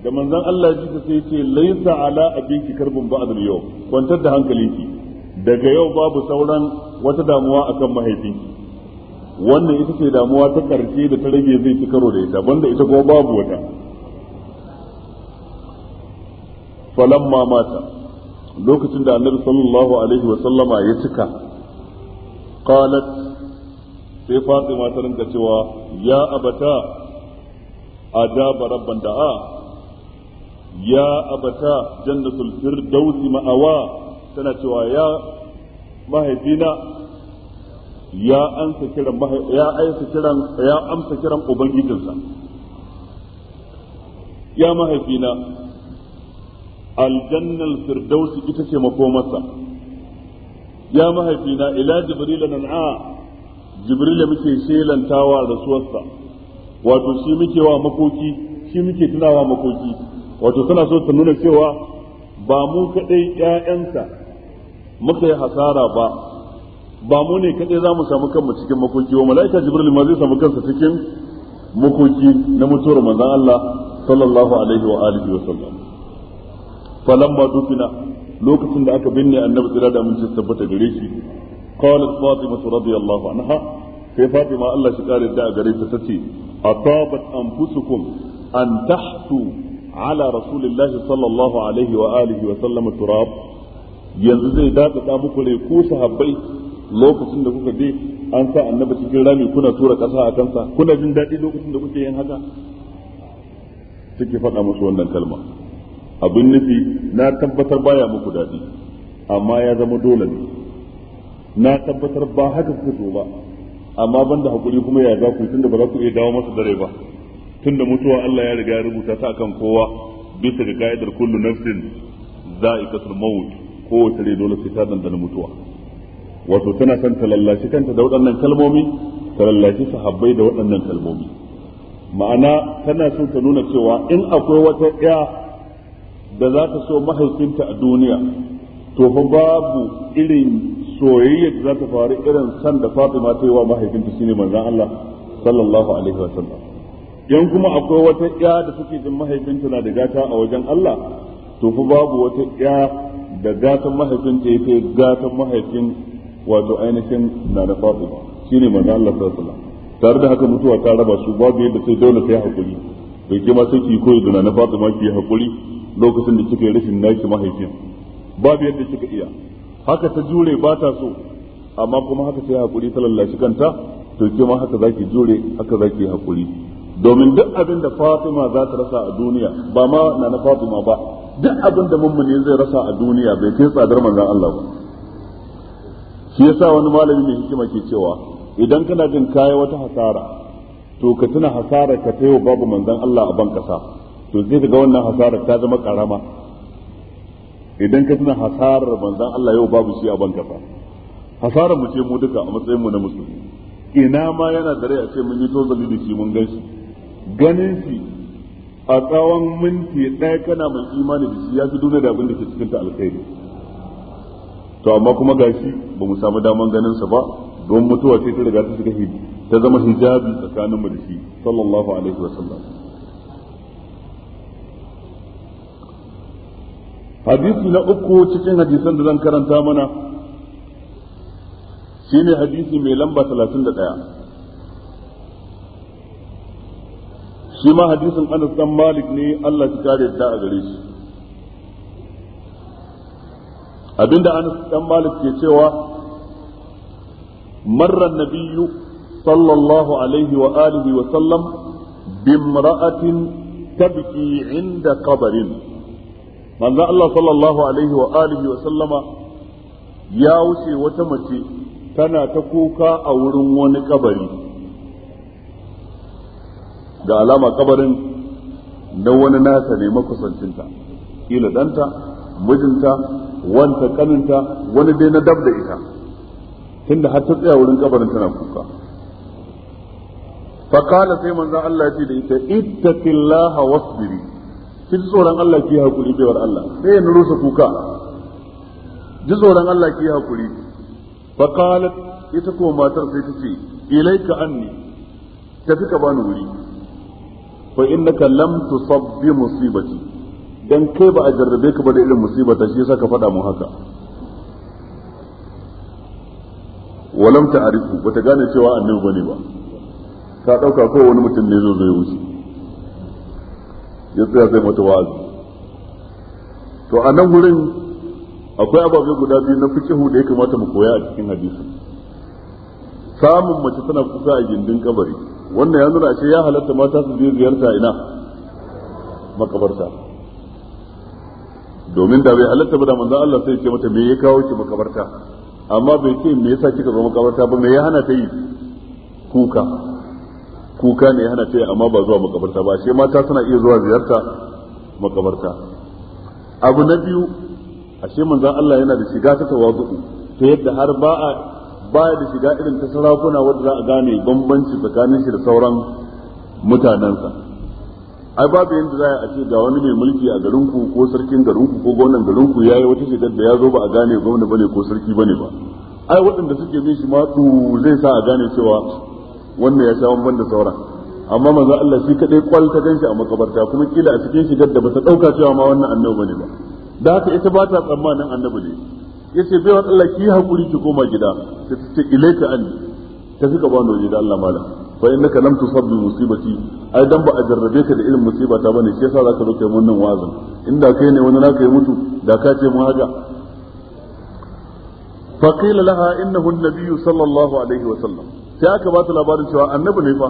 da manzon Allah ji ta sai ce laisa ala abinki karbun ba'd al-yawm kwantar da hankalinki daga yau babu sauran wata damuwa akan mahaifinki wannan ita ce damuwa ta karshe da ta rage zai ci karo da ita banda ita kuma babu wata falamma mamata, lokacin da annabi sallallahu alaihi wa sallama ya cika qalat sai fatima ta rinka cewa ya abata ajaba rabban da'a ya abata jannatul firdausi ma'awa tana cewa ya mahaifina ya amsa kiran ya aisa kiran ya amsa kiran ubangijinsa ya mahaifina aljannal firdaus ita ce makomarsa ya mahaifina ila jibril nan a jibril muke shelantawa rasuwarsa wato shi muke wa makoki shi muke tunawa makoki wato suna so ta nuna cewa ba mu kadai ƴaƴansa muka yi hasara ba ba mu ne kaɗai za mu samu kanmu cikin makoki wa mala'ika jibril ma zai samu kansa cikin makoki na mutuwar manzon Allah sallallahu alaihi wa alihi wa sallam falamma dufina lokacin da aka binne annabi tsira da mun ci tabbata gare shi qalat fatima radiyallahu anha sai fatima Allah shi kare da gare ta tace atabat anfusukum an tahtu ala rasulillahi sallallahu alaihi wa alihi wa sallam turab yanzu zai dada muku rai ku sahabbai lokacin da kuka bi an sa annabi cikin rami kuna tura ƙasa a kansa kuna jin daɗi lokacin da kuke yin haka suke faɗa musu wannan kalma abin nufi na tabbatar baya muku daɗi amma ya zama dole ne na tabbatar ba haka kuka so ba amma ban da haƙuri kuma ya za ku tunda ba za ku iya dawo masa dare ba tunda mutuwa Allah ya riga ya rubuta ta akan kowa bisa ga ka'idar kullu nafsin za'iqatul maut kowace rai dole sai ta dandana mutuwa wato tana kan ta lallashi kanta da waɗannan kalmomi ta lallashi sahabbai da waɗannan kalmomi ma'ana tana so ta nuna cewa in akwai wata ɗaya da za ta so mahaifinta a duniya to fa babu irin soyayyar da za ta faru irin san da Fatima ta yi wa mahaifinta shine manzon Allah sallallahu alaihi wa in kuma akwai wata ɗaya da suke jin mahaifinta na da gata a wajen Allah to fa babu wata ɗaya da gatan mahaifinta yake gatan mahaifin wato ainihin na da shi shine manzo Allah sallallahu alaihi wasallam tare da haka mutuwa ta raba su babu yadda sai dole sai hakuri bai ke ma sai ki koyi da na ma ki hakuri lokacin da kika yi rashin naki mahaifin babu yadda kika iya haka ta jure ba ta so amma kuma haka sai hakuri ta lallashi kanta to ke ma haka zaki jure haka zaki hakuri domin duk abin da Fatima za ta rasa a duniya ba ma na na Fatima ba duk abin da mummuni zai rasa a duniya bai kai tsadar manzon Allah ba shi yasa wani malami mai hikima ke cewa idan kana jin kayi wata hasara to ka tuna hasara ka ta yau babu manzon Allah a ban kasa to zai ga wannan hasara ta zama karama idan ka tuna hasarar manzon Allah yau babu shi a ban kasa hasarar mu ce mu duka a matsayin mu na musulmi ina ma yana da rai a ce mun yi tozali da shi mun ganshi ganin shi a tsawon minti ɗaya kana mai imani da shi ya fi duniya da abin da ke cikin ta alkhairi to amma kuma gashi ba mu samu daman ganin sa ba don mutuwa ce ta riga ta shiga hijabi ta zama hijabi tsakanin mu da shi sallallahu alaihi wa sallam hadisi na uku cikin hadisan da zan karanta mana shine hadisi mai lamba 31 shi ma hadisin Anas dan Malik ne Allah ya kare da a gare shi abinda Anas dan Malik ke cewa marra nabiyyu sallallahu alaihi wa alihi wa sallam bimra'atin tabki inda qabarin manzo Allah sallallahu alaihi wa alihi wa sallama ya wuce wata mace tana ta kuka a wurin wani kabari ga alama kabarin na wani nasa ne makusancinta ƙila ɗanta mijinta wanta kaninta wani dai na dab da ita tunda har ta tsaya wurin kabarin tana kuka kala sai manzo Allah ya ce da ita ittaqillaha wasbiri ki tsoron Allah ki hakuri baiwar Allah sai ya nurusa kuka ji tsoron Allah ki hakuri kala ita ko matar sai ta ce ilaika anni tafi ka bani wuri fa innaka lam tusabbi musibati dan kai ba a jarrabe ka ba da irin musiba ta shi yasa ka faɗa mu haka walam ta'rifu ta gane cewa annabi bane ba Ka dauka ko wani mutum ne zo zai wuce ya tsaya zai mata wa'azi to a nan gurin akwai ababe guda biyu na fikihu da ya kamata mu koya a cikin hadisi samun mace tana kusa a gindin kabari wannan ya nuna ce ya halatta mata su je ziyarta ina makabarta domin da bai halatta ba da manzo Allah sai ce mata me ya kawo ki makabarta amma bai ce me yasa kika zo makabarta ba me ya hana ta yi kuka kuka ne ya hana ta yi amma ba zuwa makabarta ba sai mata suna iya zuwa ziyarta makabarta abu na biyu ashe manzo Allah yana da shiga ta tawazu ta yadda har ba a ba da shiga irin ta sarakuna wanda za a gane bambanci tsakanin shi da sauran mutanensa ai babu yanda za a ce ga wani mai mulki a garinku ko sarkin garinku ko gwamnan garinku ya yi wata shigar da ya zo ba a gane gwamna bane ko sarki bane ba ai waɗanda suke bin shi ma zai sa a gane cewa wannan ya sha wani da sauran amma manzo Allah shi kadai kwal ta ganshi a makabarta kuma kila a cikin shigar da bata ɗauka cewa ma wannan annabi bane ba da haka ita ba ta tsammanin annabi ne yace bai wa Allah ki hakuri ki koma gida ta ce ilaika ta suka ba waje da Allah malam fa innaka lam tusab bi musibati ai dan ba a jarrabe ka da irin musiba ba bane shi yasa zaka zo kai wannan wazin inda kai ne wani naka ya mutu da ka ce mu haka fa qila laha innahu an-nabiy sallallahu alaihi wa sallam sai aka ba labarin cewa annabi ne fa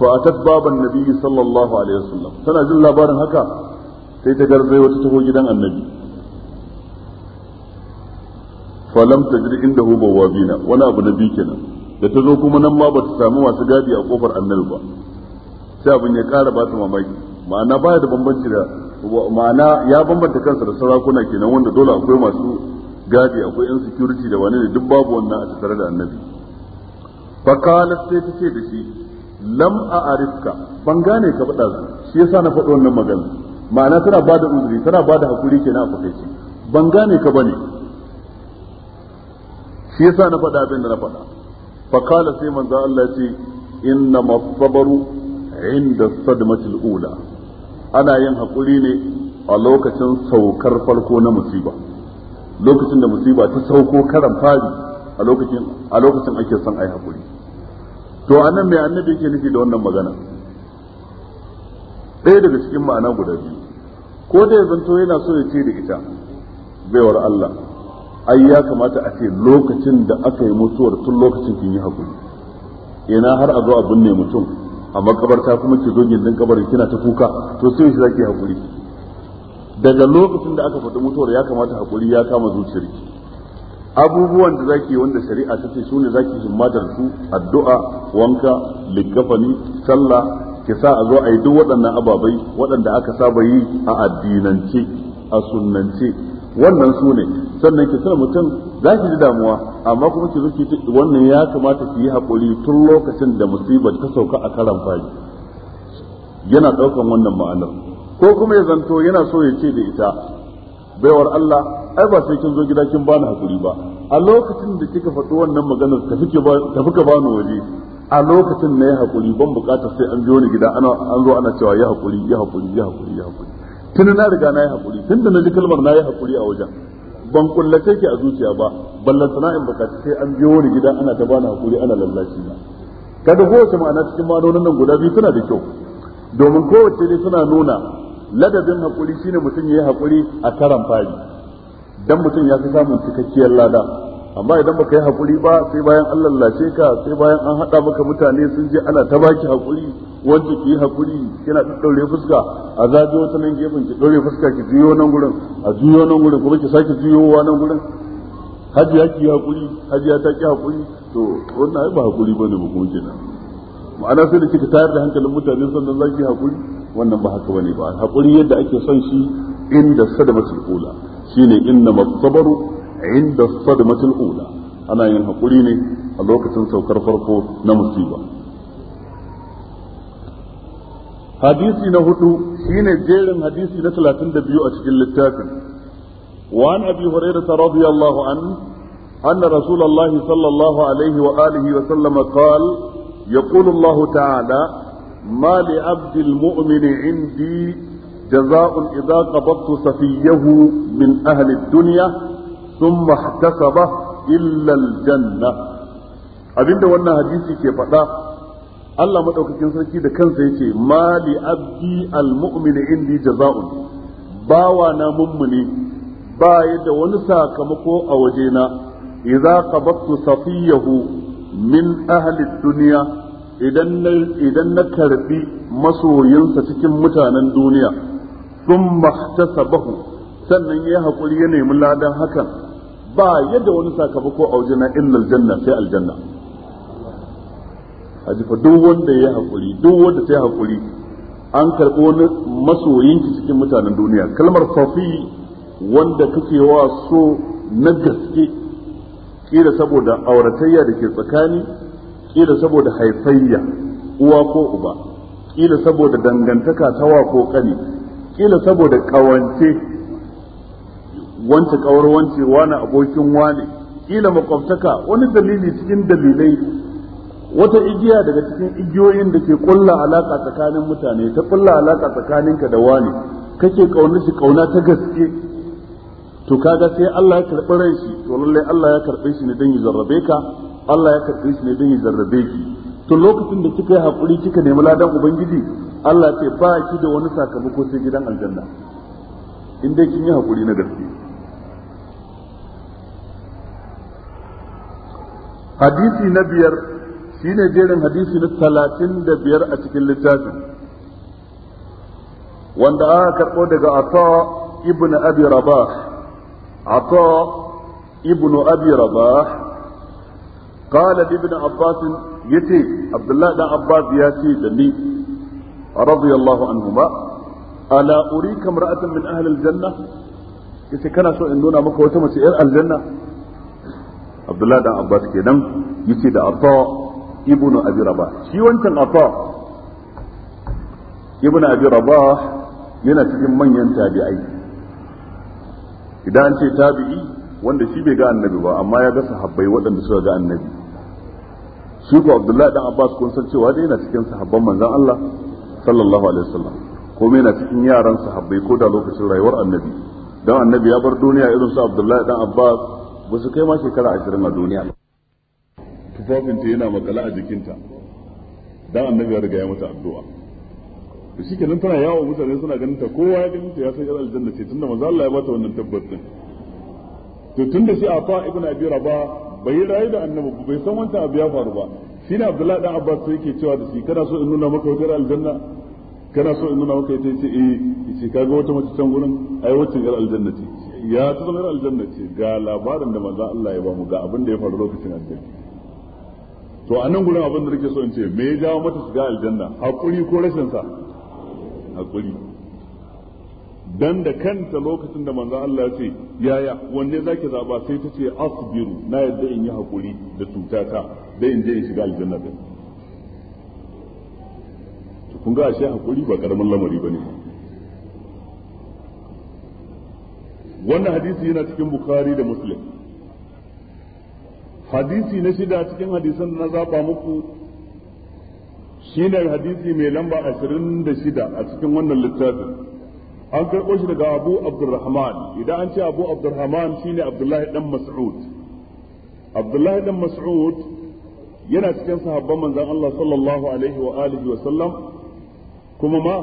fa atat baban nabiy sallallahu alaihi wa sallam tana jin labarin haka sai ta garzai wata taho gidan annabi jirgin tajri indahu Bina, wani abu na bi kenan da ta zo kuma nan ma ba ta samu masu gadi a kofar annabi ba sai abin ya ƙara ba ta mamaki ma'ana baya da bambanci da ma'ana ya bambanta kansa da sarakuna kenan wanda dole akwai masu gadi akwai yan security da wani ne duk babu wannan a tattare da annabi fa qala sai ta ce da shi lam a'rifka ban gane ka faɗa su shi yasa na faɗi wannan magana ma'ana tana ba da uzuri tana ba da hakuri kenan a fakaici ban gane ka bane shi yasa na faɗa abin da na faɗa فقال سيما ذا الله إنما الصبر عند الصدمة الأولى أنا ينهقليني ألوكة سوكر فالكون مصيبة lokacin da musiba ta sauko karan fari a lokacin a lokacin ake son ai hakuri to anan mai annabi yake nufi da wannan magana ɗaya daga cikin ma'ana guda biyu ko da ya zanto yana so ya ce da ita baiwar Allah ai ya kamata a ce lokacin da aka yi mutuwar tun lokacin kin yi hakuri ina har a zo a binne mutum a makabarta kuma ki zo gindin kabarin kina ta kuka to sai shi zaki hakuri daga lokacin da aka faɗi mutuwar ya kamata hakuri ya kama ki abubuwan da zaki wanda shari'a ta ce su ne zaki himmatar da su addu'a wanka likafani sallah ki sa a zo a yi duk waɗannan ababai waɗanda aka saba yi a addinance a sunnance wannan su ne sannan ki sanar mutum za ki ji damuwa amma kuma ki zuki wannan ya kamata ki yi haƙuri tun lokacin da musibar ta sauka a karan fari yana ɗaukan wannan ma'anar ko kuma ya zanto yana so ya ce da ita baiwar Allah ai ba sai kin zo gida kin bani haƙuri ba a lokacin da kika faɗi wannan maganar tafi ka bani waje a lokacin na ya haƙuri ban buƙatar sai an biyo ni gida an zo ana cewa ya haƙuri ya haƙuri ya haƙuri ya haƙuri tun na riga na yi hakuri tun da na ji kalmar na yi hakuri a wajen ban kullace ki a zuciya ba ballan sana'in baka sai an biyo wani gida ana ta bani hakuri ana lallaci na kada kowace ma'ana cikin ma'anonin nan guda biyu tana da kyau domin kowace ne suna nuna ladabin hakuri shine mutum ya yi hakuri a karan fari dan mutum ya fi samun cikakkiyar lada amma idan baka yi hakuri ba sai bayan an lallace ka sai bayan an hada maka mutane sun je ana ta baki hakuri wanda ki hakuri kina daddaure fuska a zaje wata nan gefen ki daure fuska ki juyo nan gurin a juyo nan gurin kuma ki sake juyowa nan gurin hajiya ki hakuri hajiya ta ki hakuri to wannan ai ba hakuri bane ba kuma kenan ma'ana sai da kika tayar da hankalin mutane sannan zaki hakuri wannan ba haka bane ba hakuri yadda ake son shi inda sadama ula shine inna masabaru inda sadmatul ula ana yin haƙuri ne a lokacin saukar farko na musiba hadisi na hudu shine jerin hadisi na 32 a cikin littafin wa an abi hurairah radiyallahu anhu أن رسول الله صلى الله عليه وآله وسلم قال يقول الله تعالى ما لعبد المؤمن عندي جزاء إذا قبضت صفيه من أهل الدنيا Sun ihtasaba illa janna. abinda wannan hadisi ke faɗa Allah madaukakin sarki da kansa ce, mali abdi almu'min indi jaza'un bawa na mummuni ba da wani sakamako a wajena idza qabattu safiyahu min ahli dunya idan idan na karbi masoyinsa cikin mutanen duniya thumma ihtasabahu sannan ya haƙuri ya nemi ladan hakan ba yadda wani sakamako a na illa janna sai aljanna a jifa duk wanda ya hakuri duk wanda ta yi hakuri an karɓi wani masoyinki cikin mutanen duniya kalmar fafi wanda kake wa so na gaske kira saboda auratayya da ke tsakani kira saboda haifayya uwa ko uba kila saboda dangantaka tawa ko kani kila saboda ƙawance. wance kawar wance wani abokin wani kila makwabtaka wani dalili cikin dalilai wata igiya daga cikin igiyoyin da ke kulla alaka tsakanin mutane ta kulla alaka tsakaninka da wani kake kauna shi kauna ta gaske to kaga sai Allah ya karɓi ran shi to lallai Allah ya karbe shi ne don ya zarrabe ka Allah ya karbe shi ne don ya zarrabe ki to lokacin da kika yi hakuri kika nemi ladan ubangiji Allah ce ba ki da wani sakamako sai gidan aljanna in dai kin yi hakuri na gaske hadisi na biyar shi ne jerin hadisi na talatin da biyar a cikin littafin wanda aka karɓo daga ata ibn abi rabah ata ibn abi rabah qala ibn abbas yace abdullahi dan abbas ya ce da ni radiyallahu anhuma ala urika imra'atan min ahli aljanna yace kana so in nuna maka wata mace yar aljanna Abdullah dan abbas kenan yace da ata ibnu abi rabah shi wancan ata ibnu abi rabah yana cikin manyan tabi'ai idan an ce tabi'i wanda shi bai ga annabi ba amma ya ga sahabbai waɗanda suka ga annabi shi ko abdullahi dan abbas kun san cewa dai yana cikin sahabban manzon Allah sallallahu alaihi wasallam kuma yana cikin yaran sahabbai ko da lokacin rayuwar annabi dan annabi ya bar duniya irin su abdullahi dan abbas ba su kai ma shekara ashirin a duniya ba tufafinta yana makala a jikinta dan annabi ya riga ya mata addu'a Da shi kenan tana yawon mutane suna ganin ta kowa ya ganin ta ya san yar aljanna ce tunda maza Allah ya bata wannan tabbas din to tunda shi afa ibn abi rabah bai rayu da annabi bai san wanta abu ya faru ba shi ne abdullahi dan abbas sai yake cewa da shi kana so in nuna maka wata aljanna kana so in nuna maka ita ce eh ce kaga wata mace can gurin ai wacce yar aljanna ce ya tazalar aljanna ce ga labarin da manzon Allah ya ba mu ga abin da ya faru lokacin aljanna to a nan gurin abin da nake so in ce me ya jawo mata shiga aljanna hakuri ko rashin sa hakuri dan da kanta lokacin da manzon Allah ya ce yaya wanne zaki zaba sai ta ce asbiru na yadda in yi hakuri da cutata da in je in shiga aljanna din kun ga ashe hakuri ba karamin lamari bane wannan hadisi yana cikin bukhari da muslim hadisi na shida cikin hadisan na zaba muku ne hadisi mai lamba 26 a cikin wannan littafin an karɓo shi daga abu abdurrahman idan an ce abu shi shine abdullahi dan mas'ud abdullahi dan mas'ud yana cikin sahabban manzan Allah sallallahu alaihi wa alihi wa sallam kuma ma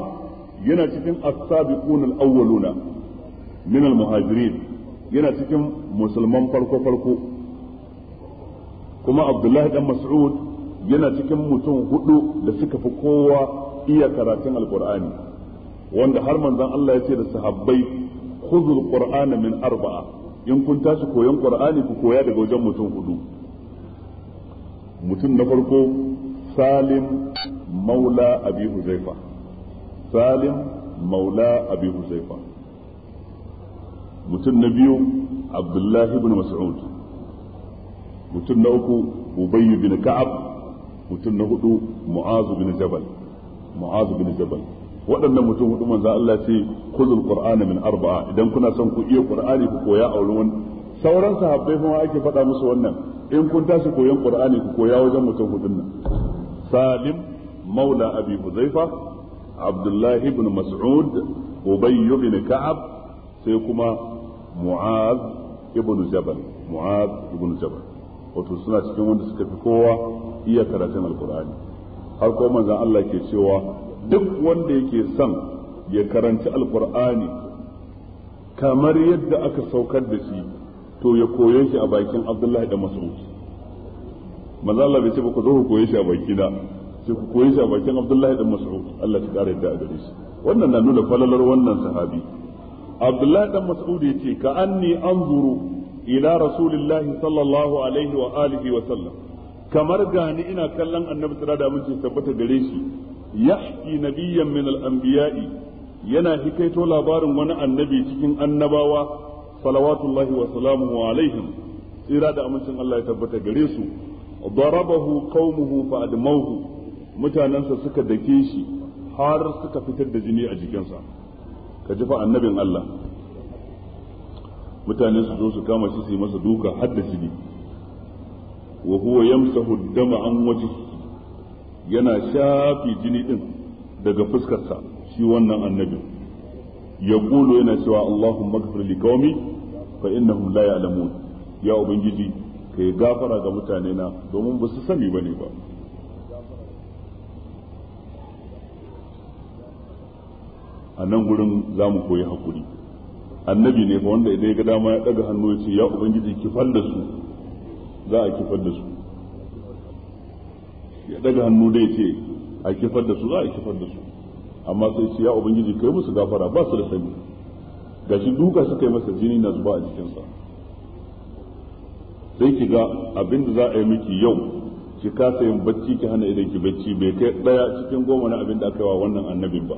yana cikin as al-awwaluna minal al yana cikin musulman farko farko kuma abdullahi dan mas'ud yana cikin mutum hudu da suka fi kowa iya karatun alqur'ani wanda har manzon Allah ya ce da sahabbai khudhul qur'ana min arba'a in kun tashi koyon qur'ani ku koya daga wajen mutum hudu mutum na farko salim maula abi huzaifa salim maula abi huzaifa mutum na biyu abdullahi ibn mas'ud mutum na uku ubayyu bin ka'ab mutum na hudu mu'az bin jabal mu'az bin jabal waɗannan mutum hudu manzo Allah ce kuzul qur'ana min arba'a idan kuna son ku iya qur'ani ku koya a wurin sauran sahabbai kuma ake faɗa musu wannan in kun tashi koyon qur'ani ku koya wajen mutum hudu nan salim maula abi huzaifa abdullahi ibn mas'ud ubayyu bin ka'ab sai kuma mu'az ibn jabal mu'az ibn jabal wato suna cikin wanda suka fi kowa iya karatun alkur'ani har ko manzon Allah ke cewa duk wanda yake son ya karanci alkur'ani kamar yadda aka saukar da shi to ya koyon shi a bakin Abdullahi da Mas'ud manzon Allah bai ce ba ku zo ku koyi shi a bakina sai ku koyi shi a bakin Abdullahi da Mas'ud Allah ya kare da gare shi wannan na nuna falalar wannan sahabi abdullahi dan mas'ud yace ka anni anzuru ila rasulillahi sallallahu alaihi wa alihi wa sallam kamar gani ina kallon annabi tsira da mun ce tabbata gare shi ya yahki nabiyyan min al-anbiya'i yana hikaito labarin wani annabi cikin annabawa salawatullahi wa salamu wa alaihim tsira da amincin Allah ya tabbata gare su darabahu qaumuhu fa admauhu mutanensa suka dake shi har suka fitar da jini a jikinsa ka ji annabin Allah mutane su zo su kama shi su yi masa duka har da jini wa huwa yamsahu dama an wajhi yana shafi jini din daga fuskarsa shi wannan annabin ya yana cewa Allahumma ghfir li qaumi fa innahum la ya'lamun ya ubangiji kai gafara ga mutane na domin ba su sani bane ba a nan gurin za mu koyi hakuri annabi ne fa wanda idan ya ga dama ya daga hannu ya ce ya ubangiji kifar da su za a kifar da su ya daga hannu dai ce a kifar da su za a kifar da su amma sai ce ya ubangiji kai musu gafara ba su da sani Ga shi duka suka yi masa jini na zuba a jikinsa sai ki ga abin da za a yi miki yau ki kasa yin bacci ki hana idan ki bacci bai kai daya cikin goma na abin da aka yi wa wannan annabin ba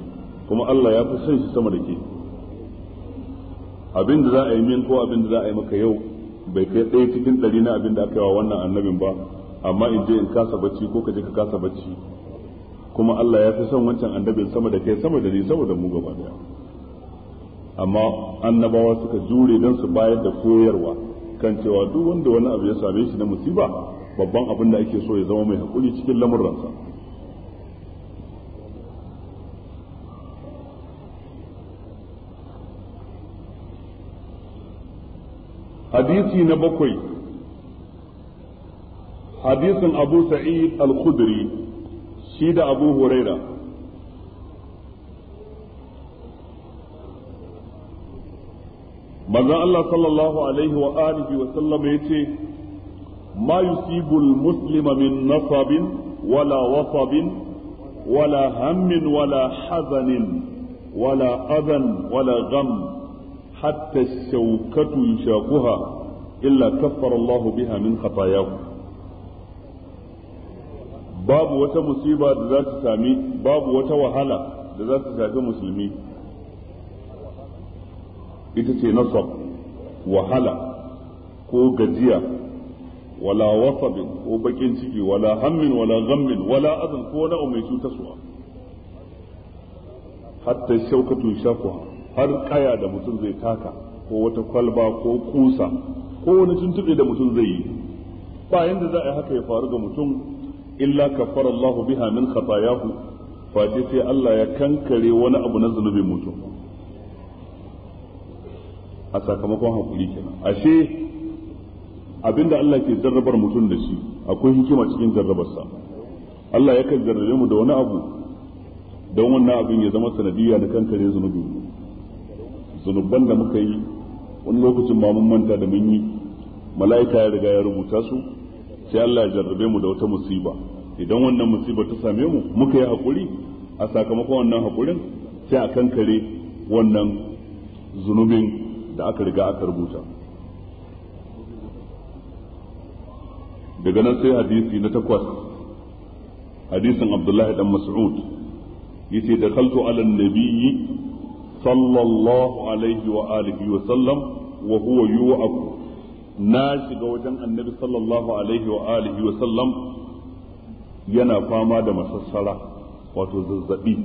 kuma Allah ya fi son shi sama da ke abin da za a yi min ko abin da za a yi maka yau bai kai ɗaya cikin ɗari na abin da aka yi wa wannan annabin ba amma in je in kasa bacci ko ka je ka kasa bacci kuma Allah ya fi son wancan annabin sama da kai sama da ni saboda mu gaba daya amma annabawa suka jure don su bayar da koyarwa kan cewa duk wanda wani abu ya same shi na musiba babban abin da ake so ya zama mai hakuri cikin lamuransa hadisi na bakwai hadisin abu sa'id al-khudri shi da abu huraira manzon Allah sallallahu alaihi wa alihi wa sallam yace ma yusibu al-muslima wala wasabin wala hammin wala hazanin wala azan, wala gam. hatta shaukatu yushaquha illa kaffara Allahu biha min babu wata musiba da za ta sami babu wata wahala da za ta shafi musulmi ita ce nasab wahala ko gajiya wala wasabin ko bakin ciki wala hammin wala ghammin wala azan ko mai hatta shaukatu har kaya da mutum zai taka ko wata kwalba ko kusa ko wani tuntube da mutum zai yi ba yanda za a yi haka ya faru ga mutum illa kafara Allah biha min khatayahu fa sai Allah ya kankare wani abu na zunubin mutum a sakamakon hakuri kenan ashe abinda Allah ke jarrabar mutum da shi akwai hikima cikin jarrabarsa Allah yakan jarrabe mu da wani abu don wannan abin ya zama sanadiyya da kankare mu. zunuban da muka yi wani lokacin ma mun manta da mun yi mala'ika ya riga ya rubuta su sai Allah ya jarrabe mu da wata musiba idan wannan musiba ta same mu muka yi hakuri a sakamakon wannan hakurin sai a kankare wannan zunubin da aka riga aka rubuta daga nan sai hadisi na takwas hadisin Abdullahi dan Mas'ud yace da kaltu ala nabiyyi صلى الله عليه وآله وسلم وهو يوعك ناشي وجن النبي صلى الله عليه وآله وسلم ينا فاما دم السلسلة وتززبي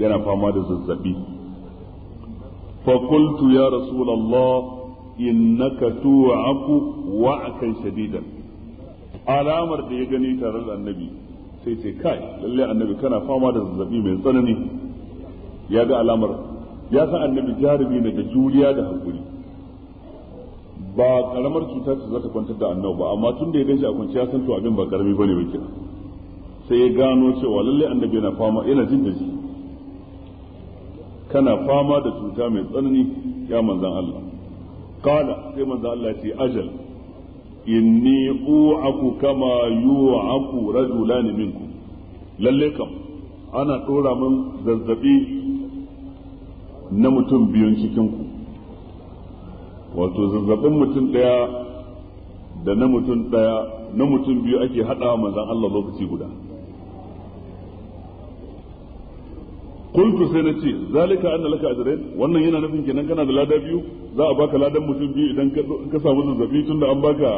ينا فاما دززبي فقلت يا رسول الله إنك توعك وعكا شديدا alamar da ya gani tare da annabi sai ce kai lalle annabi kana fama da zazzabi mai tsanani ya ga alamar ya san annabi jarumi ne da juriya da hakuri ba karamar cuta ce za ta kwantar da annabi ba amma tun da ya gaji a kwance ya san to abin ba karami ba ba kenan sai ya gano cewa lalle annabi yana fama yana jin da shi kana fama da cuta mai tsanani ya manzan Allah kala sai manzan Allah ya ce ajal inni u'aku kama yu'aku rajulan minkum lalle kam ana dora min zazzabi na mutum biyun cikinku wato zazzabin mutum ɗaya da na mutum ɗaya na mutum biyu ake haɗawa manzan Allah lokaci guda kultu sai na ce zalika anna laka ajrain wannan yana nufin kenan kana da lada biyu za a baka ladan mutum biyu idan ka samu zazzabi tunda an baka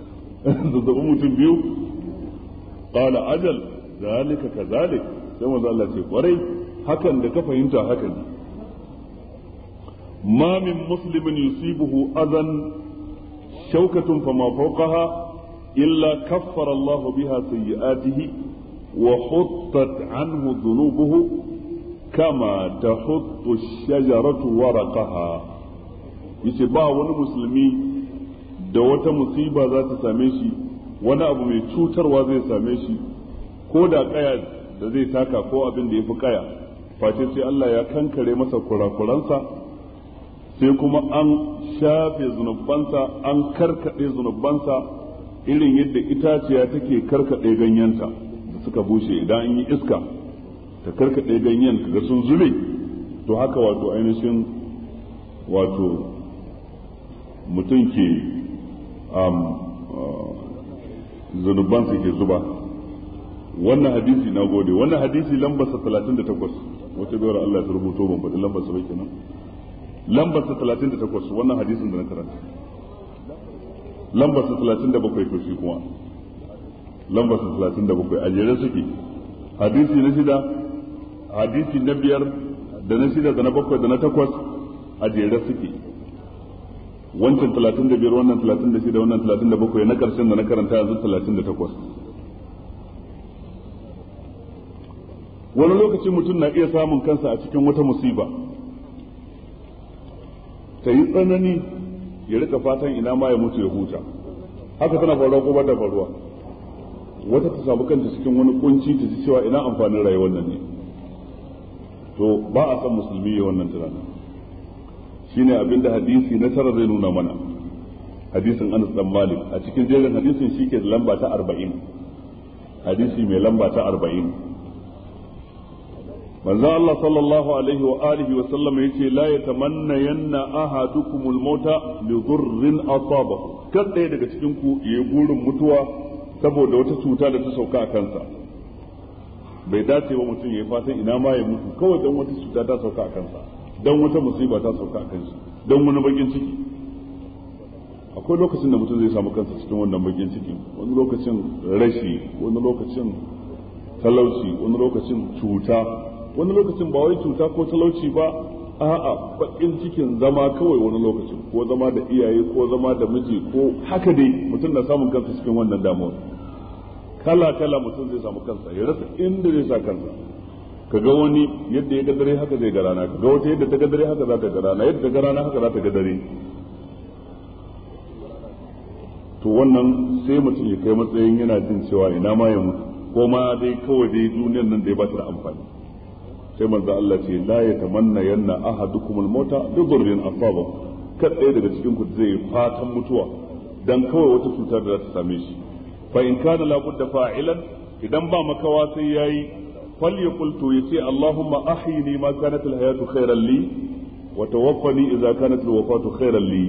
zazzabin mutum biyu qala ajal zalika kazalik sai manzo Allah ce kwarai hakan da ka fahimta hakan ne Mamin musulmin ya siyi buhu azan shau ka tunfa mafarkuwa illa kaffarallahu biha sayi ajihi wa huddad can mu zunubu kama da hudu ba wani musulmi da wata musiba za ta same shi, wani abu mai cutarwa zai same shi ko da ƙaya da zai taka ko abin da ya fi ƙaya. sai Allah ya kankare masa kura-kurensa. sai kuma an shafe zunubansa an karkaɗe zunubansa irin yadda itaciya take karkaɗe ganyenta da suka bushe idan an yi iska ta karkaɗe ganyen ga sun zube to haka wato ainihin wato mutum ke ah, zunubansa ke zuba wannan hadisi na gode wannan hadisi lambarsa 38 wata biyar Allah ya rubuto ban faɗi lambarsa ba kenan lambar sa 38 wannan hadisin da na karanta lambar sa 37 to shi kuma lambar sa 37 ajiyar suke hadisi na shida hadisi na biyar da na shida da na bakwai da na takwas ajiyar suke wancan 35 wannan 36 wannan 37 na karshen da na karanta yanzu 38 wani lokaci mutum na iya samun kansa a cikin wata musiba ta yi tsanani ya rika fatan ina ma ya mutu ya huta haka tana faruwa ko ba faruwa wata ta samu kanta cikin wani kunci ta ji cewa ina amfanin rayuwar nan ne to ba a san musulmi ya wannan tunanin shine abinda hadisi na tara zai nuna mana hadisin Anas dan Malik a cikin jerin hadisin shi ke lamba ta arba'in hadisi mai lamba ta arba'in. manzo Allah sallallahu alaihi wa alihi wa sallam yace la yatamanna yanna ahadukum almauta li dhurrin asabahu kar ɗaya daga cikin ku ya gurin mutuwa saboda wata cuta da ta sauka a kansa bai dace ba mutum yayi fatan ina ma ya mutu kawai dan wata cuta ta sauka a kansa dan wata musiba ta sauka a kansa dan wani bakin ciki akwai lokacin da mutum zai samu kansa cikin wannan bakin ciki wani lokacin rashi wani lokacin talauci wani lokacin cuta wani lokacin ba wai cuta ko talauci ba a'a bakin cikin zama kawai wani lokacin ko zama da iyaye ko zama da miji ko haka dai mutum na samun kansa cikin wannan damuwar kala kala mutum zai samu kansa ya rasa inda zai sa kansa ka ga wani yadda ya ga dare haka zai ga rana ka ga wata yadda ta ga dare haka za ta ga rana yadda ta ga rana haka za ta ga dare to wannan sai mutum ya kai matsayin yana jin cewa ina ma ya mutu ko ma dai kawai dai duniyar nan da ya ba ta da amfani sai manzo Allah ce la yatamanna yanna ahadukum al-mauta bi dhurrin asaba kad ɗaya daga cikin ku zai fatan mutuwa dan kawai wata cuta da za ta same shi fa in kana la budda fa'ilan idan ba makawa sai yayi falyaqul to yace Allahumma ahyini ma kanat al-hayatu khayran li wa tawaffani idza kanat al-wafatu li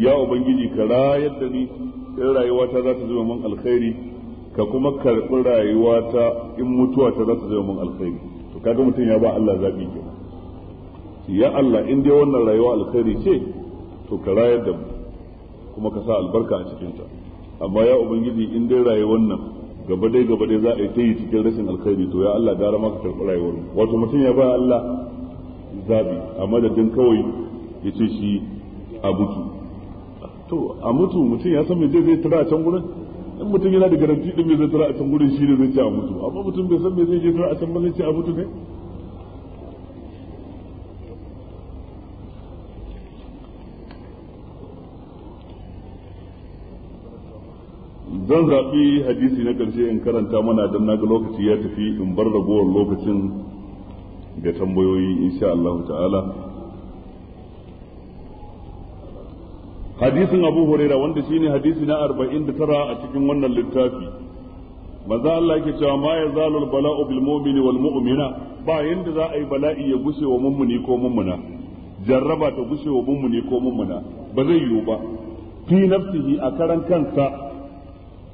ya ubangiji ka rayar da ni in rayuwata za ta zama min alkhairi ka kuma karɓi rayuwata in mutuwa ta za ta zama min alkhairi to kaga mutum ya ba Allah zabi ke ya Allah in dai wannan rayuwa alkhairi ce to ka rayar da mu kuma ka sa albarka a cikin ta amma ya ubangiji in dai rayuwar nan gaba dai gaba dai za a yi ta yi cikin rashin alkhairi to ya Allah gara maka karɓi rayuwar mu. wato mutum ya ba Allah zabi a madadin kawai ya ce shi a mutu to a mutu mutum ya san me zai tura a can gurin in mutum yana da garanti din me zai tara a can gurin shi ne zai ce a mutu amma mutum bai san me zai je tara a can ba zai ce a mutu ne zan zaɓi hadisi na ƙarshe in karanta mana don naga lokaci ya tafi in bar ragowar lokacin ga tambayoyi insha Allah ta'ala hadisin abu huraira wanda shi ne hadisi na arba'in da tara a cikin wannan littafi maza Allah yake cewa ma yazalul bala'u bil mu'mini wal mu'mina ba yanda za a yi bala'i ya gushe wa mummuni ko mummuna jarraba ta gushe wa mummuni ko mummuna ba zai yiwu ba fi nafsihi a karan kansa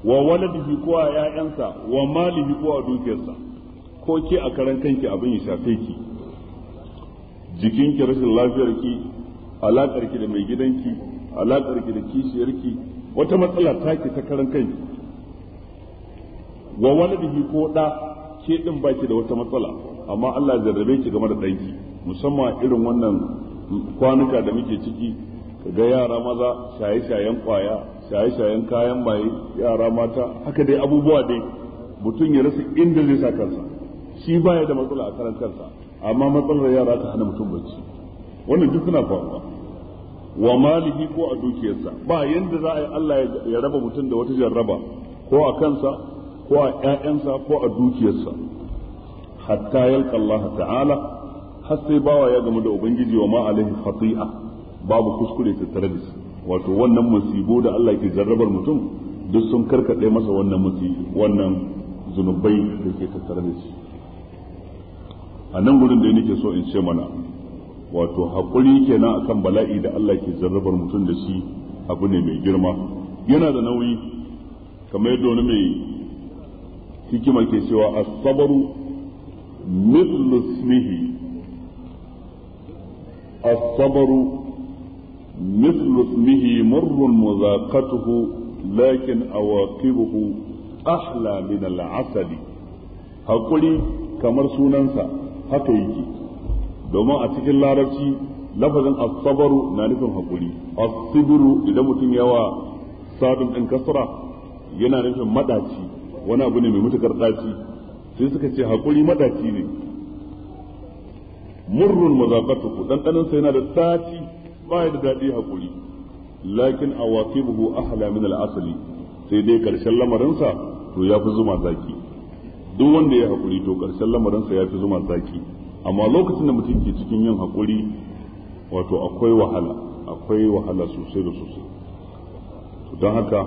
wa waladihi ko a ƴaƴansa wa malihi ko a dukiyarsa ko ke a karan kanki abin ya shafe ki jikinki rashin lafiyarki alaƙarki da mai gidanki alaƙar ki da kishiyarki wata matsala ta ke ta karan kanki wa waladihi ko da ke din baki da wata matsala amma Allah jarrabe ki game da danki musamman irin wannan kwanuka da muke ciki ga yara maza shaye-shayen kwaya shaye-shayen kayan maye yara mata haka dai abubuwa dai mutum ya rasa inda zai sa kansa shi baya da matsala a karan kansa amma matsalar yara ta hana mutum bacci wannan duk suna faruwa wa malihi ko a dukiyarsa ba yanda za a yi Allah ya raba mutum da wata jarraba ko a kansa ko a ƴaƴansa ko a dukiyarsa hatta yalqa Allah ta'ala har sai bawa ya gamu da ubangiji wa ma alaihi khati'a babu kuskure ta tare da wato wannan musibo da Allah ke jarrabar mutum duk sun karkade masa wannan musibi wannan zunubai da ke tattare da shi a nan gurin da nake so in ce mana wato haƙuri kenan akan bala'i da Allah ke zarrabar mutum da shi abu ne mai girma yana da nauyi kamar yadda wani mai hikima ke cewa a sabaru mislusmihi a sabaru mislusmihi murrun ismihi lakin a lakin ahla min al'asali asali haƙuri kamar sunansa haka yake domin a cikin larabci lafazin asabaru na nufin hakuri asibiru idan mutum yawa sabin ɗin kasra yana nufin madaci wani abu ne mai mutukar daci sai suka ce hakuri madaci ne murrun mazaƙatu ku ɗanɗanin sa yana da daci ba ya da daɗi hakuri lakin a wasi buhu min halamin asli sai dai karshen lamarinsa to ya fi zuma zaki duk wanda ya hakuri to karshen lamarinsa ya fi zuma zaki amma lokacin da mutum ke cikin yin haƙuri wato akwai wahala akwai wahala sosai da sosai don haka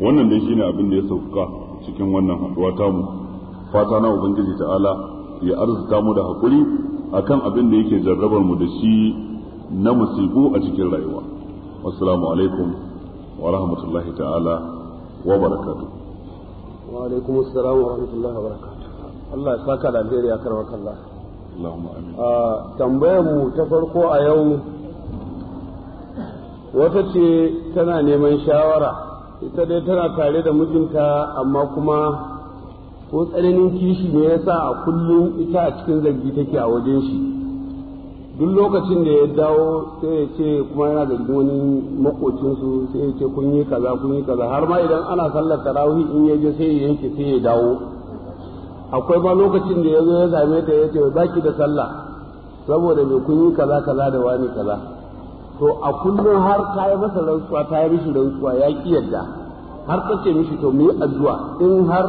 wannan dai shine abin da ya sauka cikin wannan haɗuwa tamu fata na ubangiji ta'ala ya arzuta mu da haƙuri akan abin da yake jarrabar mu da shi na musibu a cikin rayuwa assalamu alaikum wa rahmatullahi ta'ala wa barakatuh wa alaikum assalam wa rahmatullahi wa barakatuh Allah ya saka da alheri ya karwa kallah tambayar mu ta farko a yau wata ce tana neman shawara ita dai tana tare da mijinta amma kuma ko tsananin kishi ne ya sa a kullum ita a cikin zargi take a wajen shi duk lokacin da ya dawo sai ya ce kuma yana da wani makocinsu sai ya ce kun yi kaza kun yi kaza har ma idan ana sallar tarawih in ya je sai ya yanke sai ya dawo akwai ba lokacin da ya zo ya zame ta ya ce ba ki da sallah saboda me kun yi kaza kaza da wani kaza to a kullum har ta yi masa rantsuwa ta yi mishi rantsuwa ya ki yadda har ta ce mishi to mu yi addu'a in har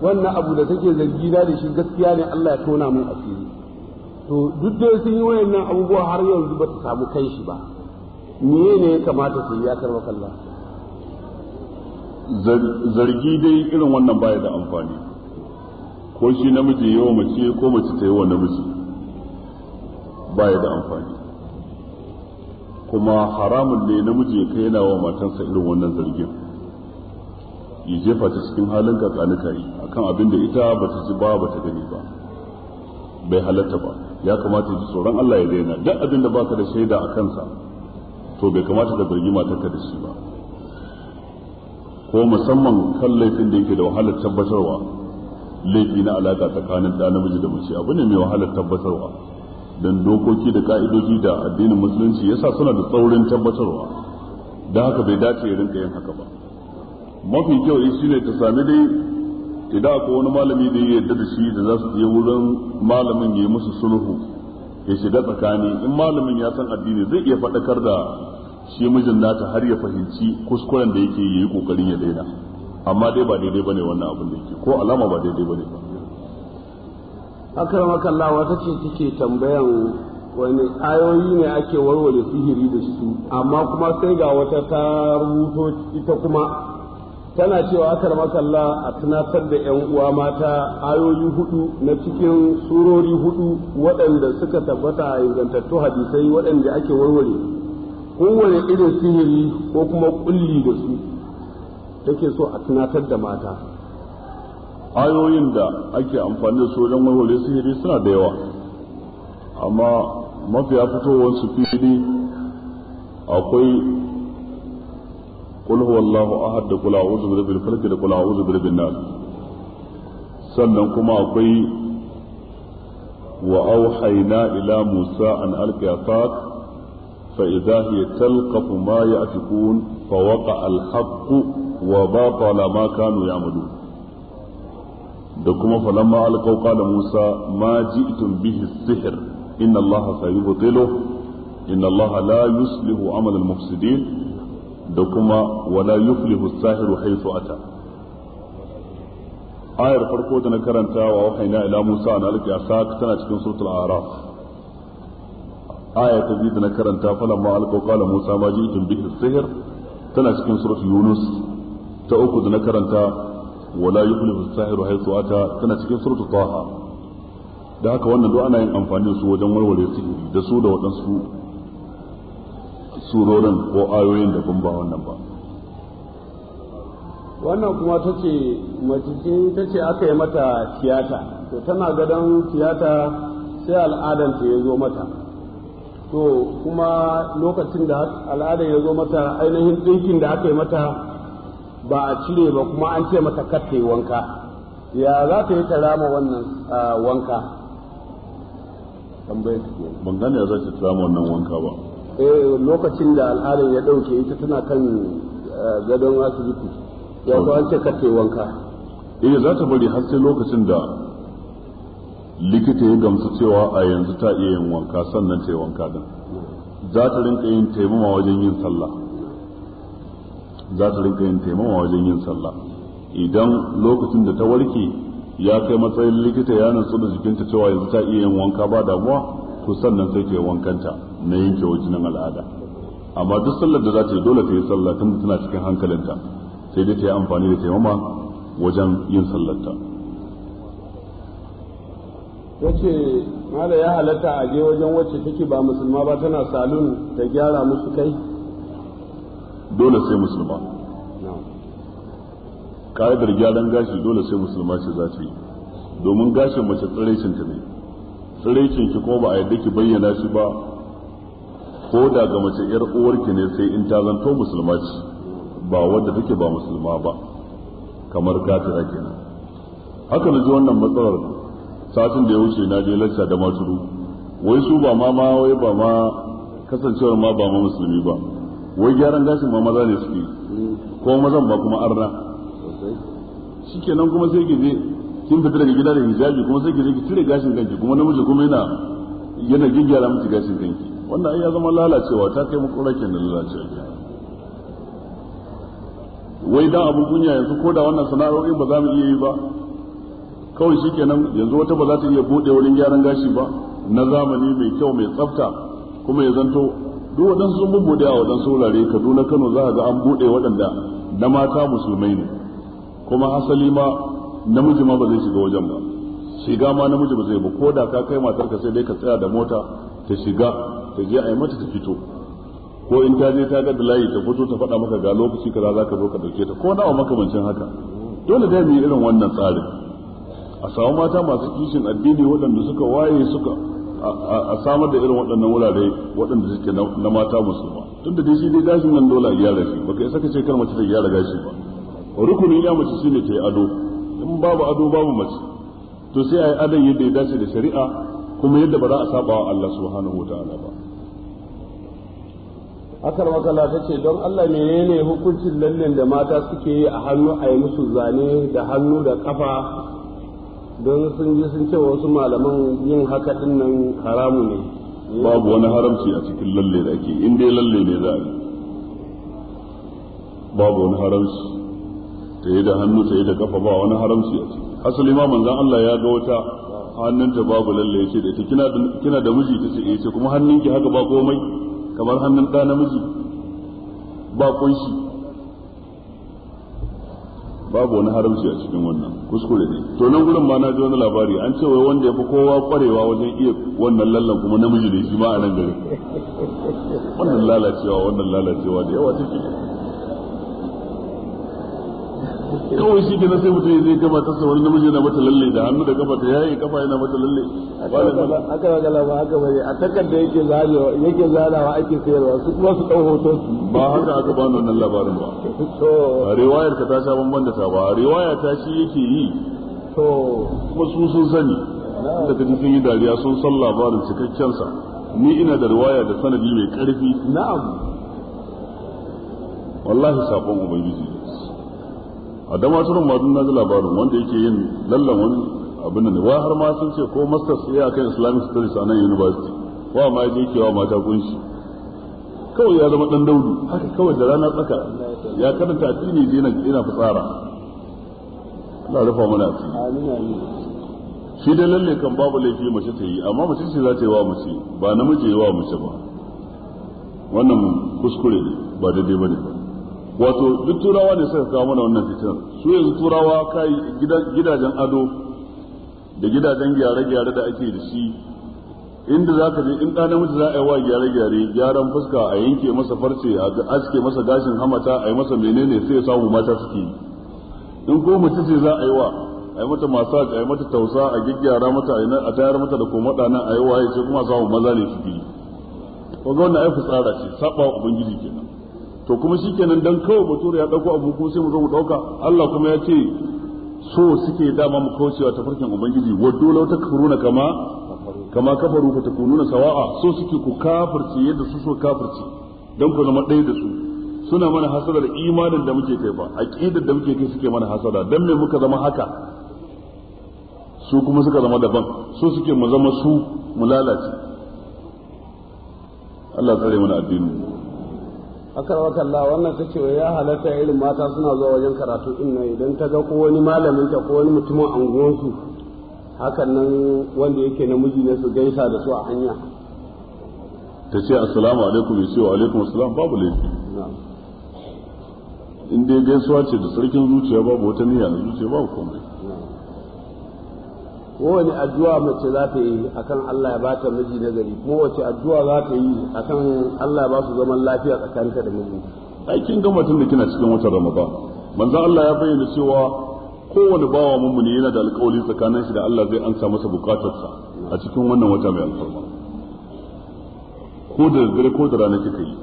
wannan abu da take zargi na da shi gaskiya ne Allah ya tona mun asiri to duk da sun yi wayannan abubuwa har yanzu ba ta samu kai shi ba me ne ya kamata su yi ya karba kalla zargi dai irin wannan baya da amfani ko shi namiji yi wa mace ko mace ta yi wa namiji ba ya da amfani kuma haramun ne namiji ya kai yana wa matansa irin wannan zargin ya jefa ta cikin halin a kan abin da ita ba ta ci ba ba ta gani ba bai halatta ba ya kamata ji tsoron Allah ya daina duk abin da baka da shaida a kansa to bai kamata ka zargi matarka da shi ba ko musamman kan laifin da yake da wahalar tabbatarwa laifi na alaka tsakanin da namiji da mace abu ne mai wahalar tabbatarwa don dokoki da ka'idoji da addinin musulunci yasa suna da tsaurin tabbatarwa don haka bai dace ya rinka yin haka ba mafi kyau shi ne ta sami dai idan akwai wani malami da ya yarda da shi da za su je wurin malamin ya yi musu sulhu ya shiga tsakani in malamin ya san addini zai iya faɗakar da shi mijin nata har ya fahimci kuskuren da yake yi ƙoƙarin ya daina amma dai ba daidai bane wannan abin da yake ko alama ba daidai bane akan kalla wata ce take tambayan wani ayoyi ne ake warware sihiri da su amma kuma sai ga wata ta rubuto ita kuma tana cewa akar makalla a tunatar da 'yan uwa mata ayoyi hudu na cikin surori hudu waɗanda suka tabbata a ingantattu hadisai waɗanda ake warware kowane irin sihiri ko kuma kulli da su take so a tunatar da mata ayoyin da ake amfani da su wajen warware sihiri suna da yawa amma mafiya fitowar su fili akwai qul huwallahu ahad da kula a'udhu bi rabbil da kula a'udhu bi rabbin nas sannan kuma akwai wa auhayna ila musa an alqi asad fa idha hiya talqafu ma ya'tikun fa waqa'a al-haqqu wa ba batala ma kanu ya'malu da kuma falamma alqaw qala musa ma ji'tum bihi sihr inna allah sayubtilu inna allaha la yuslihu amal al-mufsidin da kuma wala yuflihu as-sahiru haythu ata ayar farko da na karanta wa wahaina ila Musa na alƙi asak tana cikin suratul araf aya ta biyu da na karanta falan ma alƙo qala Musa ma ji'tum bihi sihr tana cikin suratul yunus ta uku da na karanta wala yuflihu sahiru haythu ata tana cikin suratul taha da haka wannan du'a ana yin amfani da su wajen warware sihiri da su da waɗansu surorin ko ayoyin da kun ba wannan ba wannan kuma ta ce mace ta ce aka yi mata tiyata to tana gadon tiyata sai al'adanta ya zo mata to kuma lokacin da al'adar ya zo mata ainihin ɗinkin da aka yi mata ba a cire ba kuma an ce mata kafe wanka ya za ta yi tarama wannan wanka tambayar su kenan ban gane ya za ta tarama wannan wanka ba eh lokacin da al'adar ya dauke ita tana kan gadon asibiti ya zo an ce kafe wanka eh za ta bari har sai lokacin da likita ya gamsu cewa a yanzu ta iya yin wanka sannan ta yi wanka din za ta rinka yin taimama wajen yin sallah za ta rinka yin taimama wajen yin sallah idan lokacin da ta warke ya kai matsayin likita ya nutsu da jikinta cewa yanzu ta iya yin wanka ba damuwa to sannan sai ke wankanta na yanke wajinan al'ada amma duk sallar da za ta yi dole ta yi sallah tun tana cikin hankalinta sai dai ta yi amfani da taimama wajen yin sallarta yace mala ya halatta a je wajen wacce take ba musulma ba tana salon ta gyara musu kai dole sai musulma ka'idar gyaran gashi dole sai musulma ce za ta domin gashin mace tsiraicinta ne tsiraicin ki ko ba a yadda ki bayyana shi ba ko da ga mace yar uwarki ne sai in ta zanto musulma ce ba wadda take ba musulma ba kamar da kenan haka na ji wannan matsalar satin da ya wuce na je lacca da maturu wai su ba ma ma wai ba ma kasancewar ma ba ma musulmi ba wai gyaran gashin ma maza ne suke mm. ko mazan ba kuma arna shikenan kuma sai ki je kin fita daga gida da hijabi kuma sai ki je ki cire gashin kanki kuma namiji kuma yana yana gyara miki gashin kanki wannan ai ya zama lalacewa ta kai muku rakin da lalacewa wai dan abun kunya yanzu ko da wannan sana'o'in ba za mu iya yi ba kawai shikenan yanzu wata ba za ta iya bude wurin gyaran gashi ba na zamani mai kyau mai tsafta kuma ya zanto duk wadansu sun bubbuɗe a waɗansu wurare kaduna kano za ga an buɗe waɗanda na mata musulmai ne kuma asali ma namiji ma ba zai shiga wajen ba shiga ma namiji ba zai ba ko da ka kai matarka sai dai ka tsaya da mota ta shiga ta je a yi mata ta fito ko in ta je ta ga da layi ta fito ta faɗa maka ga lokaci kaza za ka zo ka dauke ta ko nawa makamancin haka dole dai mu yi irin wannan tsarin a samu mata masu kishin addini waɗanda suka waye suka a samar da irin waɗannan wurare waɗanda suke na mata musulma tun da shi dai gashin nan dole a gyara shi baka isa ka ce kar mace ta gyara gashi ba rukunin ya mace shine ta yi ado in babu ado babu mace to sai a yi adon yadda ya dace da shari'a kuma yadda ba za a saba wa Allah subhanahu wataala ba akar makala ta ce don Allah menene hukuncin lallen da mata suke yi a hannu a yi musu zane da hannu da kafa don sun ji sun ce wasu malaman yin haka din nan haramu ne babu wani haramci a cikin lalle da ake in dai lalle ne za a yi babu wani haramci ta yi da hannu ta yi da kafa ba wani haramci a ciki asali ma zan Allah ya ga wata hannunta babu lalle ya ce da ita kina da miji ta ce eh, ce kuma hannunki haka ba komai kamar hannun ɗa namiji ba kunshi babu wani haramci a cikin wannan kuskure ne to nan gurin ma na ji wani labari an ce wai wanda ya fi kowa kwarewa wajen iya wannan lallan kuma namiji ne shi ma a nan gari wannan lalacewa wannan lalacewa da yawa take kawai shi kenan sai mutum zai kafa ta wani namiji yana mata lalle da hannu da kafa ta yayi kafa yana mata lalle aka gala ba aka bari a takarda yake zalewa yake zalawa ake sayarwa su kuma su dau hoton su ba haka aka bani wannan labarin ba to riwayar ka ta sha bamban da ta ba riwaya ta shi yake yi to kuma su sun sani da kaji sun yi dariya sun san labarin cikakken sa ni ina da riwaya da sanadi mai karfi na'am wallahi sabon ubangiji a dama sunan masu nazi labarin wanda yake yin lallan wani abin da ne wa har ma sun ce ko masters ya kan islamic studies a nan university wa ma je wa mata kunshi kawai ya zama dan daudu haka kawai da rana tsaka ya karanta addini ne nan ina fitsara Allah rufa mana asiri shi dai lalle kan babu laifi mace ta yi amma mace ce za ta yi wa mace ba namiji yi wa mace ba wannan kuskure ne ba daidai bane ba wato duk turawa ne suka kawo mana wannan fitar su yanzu turawa kai gidajen ado da gidajen gyare-gyare da ake da shi inda za ka je in ɗan namiji za a yi wa gyare-gyare gyaran fuska a yanke masa farce a aske masa gashin hamata a yi masa menene sai ya samu mata suke yi in ko mace ce za a yi wa a yi mata masaj a yi mata tausa a gyaggyara mata a tayar mata da koma nan a yi wa ya ce kuma samu maza ne suke ko ga wannan ai fitsara ce saba wa ubangiji kenan to kuma shikenan dan kawai bature ya dauko abu ko sai mu zo mu dauka Allah kuma ya ce so suke dama mu kaucewa ta farkin ubangiji waddo law takfuruna kama kama kafaru fa takununa sawa'a so suke ku kafirce yadda su so kafirce dan ku zama ɗaya da su suna mana hasada da imanin da muke kai ba aqidar da muke kai suke mana hasada dan me muka zama haka su kuma suka zama daban so suke mu zama su mu lalace Allah tsare mana addinin mu akarwaka Allah wannan ta ce ya halatta irin mata suna zuwa wajen karatu din nan idan ta ga ko wani malamin ta ko wani mutumin su hakan nan wanda yake namiji ne su gaisa da su a hanya ta ce assalamu alaikum ya ce wa alaikum assalam babu laifi in dai gaisuwa ce da sarkin zuciya babu wata niyya na zuciya babu komai kowane addu'a mace za ta yi akan Allah ya ba ta miji nagari ko wace addu'a za ta yi akan Allah ya ba su zaman lafiya tsakaninta da miji aikin ga mutum da kina cikin watan Ramadan manzo Allah ya bayyana cewa kowane bawa mummuni yana da alƙawari tsakanin shi da Allah zai ansa masa bukatarsa a cikin wannan wata mai alfarma ko da dare ko da rana kika yi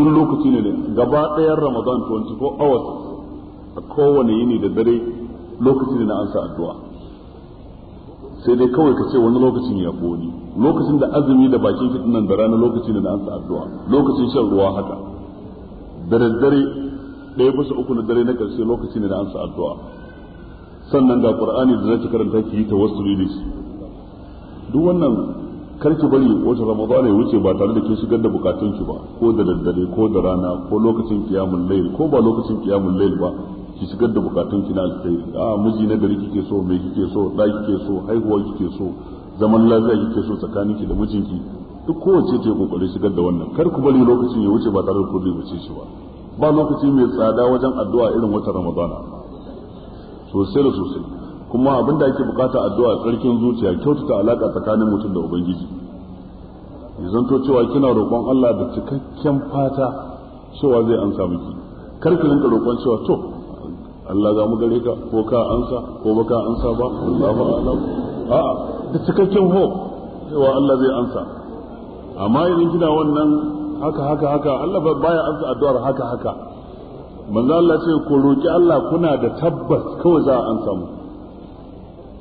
duk lokaci ne gaba ɗayan Ramadan 24 hours a kowane yini da dare lokaci ne na ansa addu'a sai dai kawai ka ce wani lokacin ya wani lokacin da azumi da bakin fitin da rana lokaci da na addu'a lokacin shan ruwa haka da daddare ɗaya bisa uku na dare na ƙarshe lokaci ne an ansa addu'a sannan ga ƙur'ani da zaki karanta ki yi wasu wasu rilis. duk wannan karki bari wata ramadana ya wuce ba tare da kin shigar da bukatun ki ba ko da daddare ko da rana ko lokacin kiyamun layl ko ba lokacin kiyamun layl ba ki shigar da bukatun ki na alkhairi a miji na gari kike so mai kike so da kike so haihuwa kike so zaman lafiya kike so tsakaninki da mijinki duk kowace ta yi kokarin shigar da wannan kar ku bari lokacin ya wuce ba tare da kudi wuce shi ba ba lokaci mai tsada wajen addu'a irin wata ramadana sosai da sosai kuma abinda ake bukata addu'a tsarkin zuciya kyautata alaka tsakanin mutum da ubangiji ya zanto cewa kina roƙon Allah da cikakken fata cewa zai amsa miki kar ki rinka roƙon cewa to Allah za mu gare ka ko ka ansa ko ba ka ansa ba Allahu a'lam a'a da cikakken ho cewa Allah zai ansa amma idan kina wannan haka haka haka Allah baya ansa addu'ar haka haka manzo Allah ce ku roki Allah kuna da tabbas kawai za a ansa mu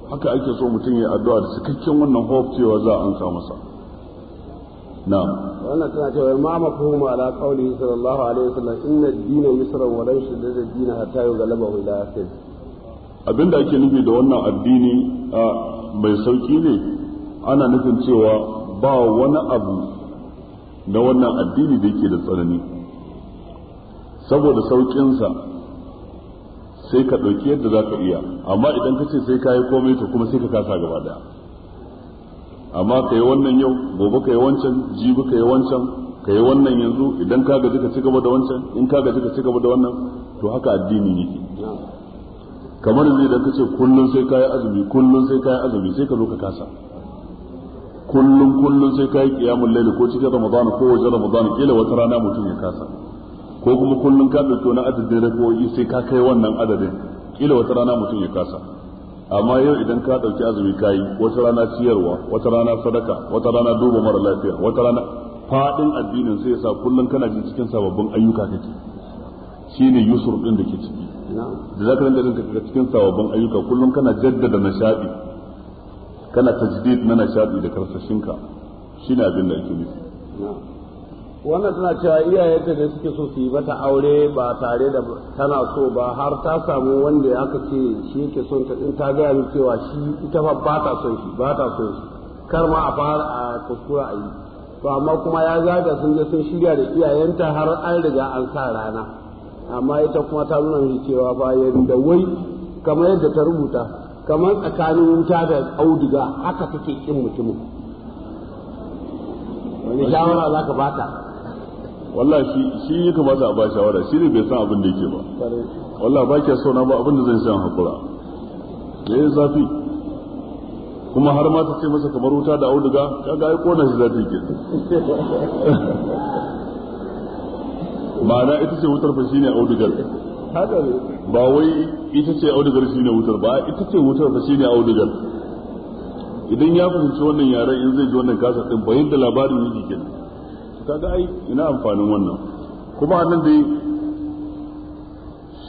haka ake so mutum ya addu'a da cikakken wannan hope cewa za a ansa masa na'am wannan tana cewa ma mafhumu ala qawli sallallahu alaihi wasallam inna ad-dina misran wa lan shadda ad-dina hatta yughlaba ila akhir abinda ake nufi da wannan addini mai sauki ne ana nufin cewa ba wani abu na wannan addini da yake da tsanani saboda sauƙinsa sai ka ɗauki yadda za ka iya amma idan ka ce sai ka yi komai to kuma sai ka kasa gaba daya amma ka yi wannan yau gobe ka yi wancan jibi ka yi wancan ka yi wannan yanzu idan ka gaji ka cigaba da wancan in ka gaji ka cigaba da wannan to haka addini yake kamar zai ka ce kullum sai ka yi azumi kullum sai ka yi azumi sai ka zo ka kasa kullum kullum sai ka yi kiyamun laili ko cikin ramadana ko wajen ramadana kila wata rana mutum ya kasa ko kuma kullum ka ɗauki wani adadin rakoyi sai ka kai wannan adadin kila wata rana mutum ya kasa amma yau idan ka ɗauki azumi kai wata rana ciyarwa wata rana sadaka wata rana duba mara lafiya wata rana fadin addinin sai yasa kullun kana ji cikin sababbin ayyuka kake shine yusur din da ke ciki da zaka rinka jin ka cikin sababbin ayyuka kullun kana jaddada nishadi kana tajdid na nishadi da karsashinka shine abin da yake nufi wannan tana cewa iyayenta da suke so su yi mata aure ba tare da tana so ba har ta samu wanda ya aka ce shi yake son ta in ta gaya min cewa shi ita fa ba ta son shi ba ta son shi kar ma a fara a kuskura a yi to amma kuma ya zaga sun je sun shirya da iyayenta har an riga an sa rana amma ita kuma ta nuna mishi cewa bayan da wai kamar yadda ta rubuta kamar tsakanin wuta da auduga haka take kin mutumin wani shawara za ka bata wallahi shi yi ka kamata a ba shawara shi ne bai san abin da yake ba wallahi ba ke so na ba abin da zan san hakura da ya zafi kuma har ma ta ce masa kamar wuta da auduga kaga ai kona shi zafi ke ma'ana ita ce wutar fa shi ne audugar ba wai ita ce audugar shi ne wutar ba ita ce wutar fa shi ne audugar idan ya fahimci wannan yaren in zai ji wannan kasa din bayin da labarin yake kenan kaga ai ina amfanin wannan kuma annan dai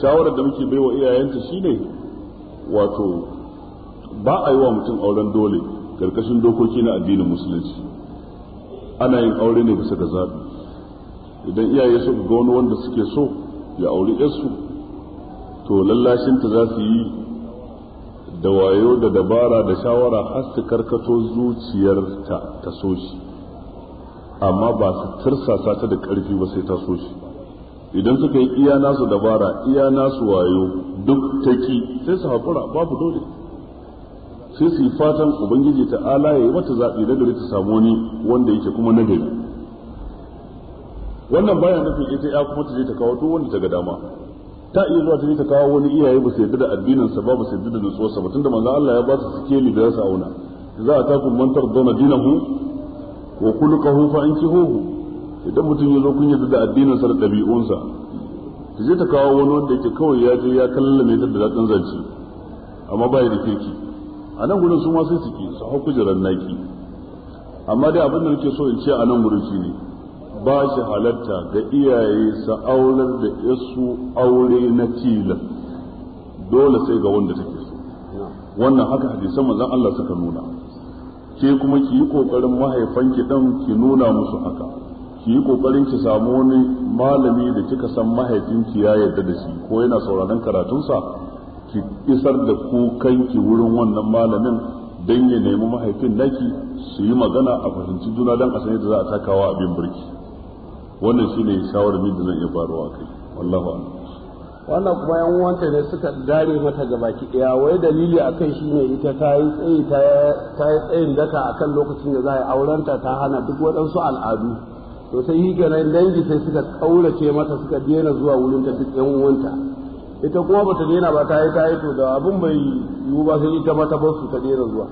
shawarar da muke baiwa iyayenta shine wato ba a yi wa mutum auren dole karkashin dokoki na addinin musulunci ana yin aure ne bisa ga zaɓi idan iyaye su ga wani wanda suke so ya auri yarsu to lallashinta za su yi da wayo da dabara da shawara har su karkato zuciyarta ta so shi amma ba su tursasa ta da ƙarfi ba sai ta so shi idan suka yi iya nasu dabara iya nasu wayo duk ta ki sai su haƙura babu dole sai su yi fatan ubangiji ta ala ya yi mata zaɓi na gari ta samu wani wanda yake kuma na gari wannan bayan nufin ita ya kuma ta je ta kawo duk wanda ta ga dama ta iya zuwa ta je ta kawo wani iyaye ba su yarda da addinansa ba ba su yarda da nutsuwarsa ba tunda manzo Allah ya ba su sikeli da ya su auna za a takun mantar dona dinahu wa khuluquhu fa hohu idan mutum ya zo kun yadda da addinin sa da sa ta je ta kawo wani wanda yake kawai ya je ya kallame ta da daɗin zance amma ba ya da kirki a nan gudun su ma sai su su hau kujerar naki amma dai abin da nake so in ce a nan gudun shi ne ba shi halatta ga iyaye sa aurar da yasu aure na tilas dole sai ga wanda take so wannan haka hadisan manzon Allah suka nuna ke kuma ki yi kokarin mahaifanki ɗan ki nuna musu haka ki yi kokarin ki samu wani malami da kika san mahaifinki ya yarda da shi ko yana sauraron sa ki isar da ki wurin wannan malamin don ya nemi mahaifin naki su yi magana a fahimci juna don a san yadda za a takawa abin birki wannan shine shawarar da zan iya faruwa kai wallahu wannan kuma yan uwanta ne suka gane mata gabaki ɗaya wai dalili akan ne ita ta yi tsayi ta yi tsayin daka akan lokacin da za a yi aurenta ta hana duk waɗansu al'adu to sai higanan dangi sai suka ƙaurace mata suka daina zuwa wurin ta duk yan uwanta ita kuma bata daina ba ta yi ta yi to da abin bai yiwu ba sai ita mata ba su ta daina zuwa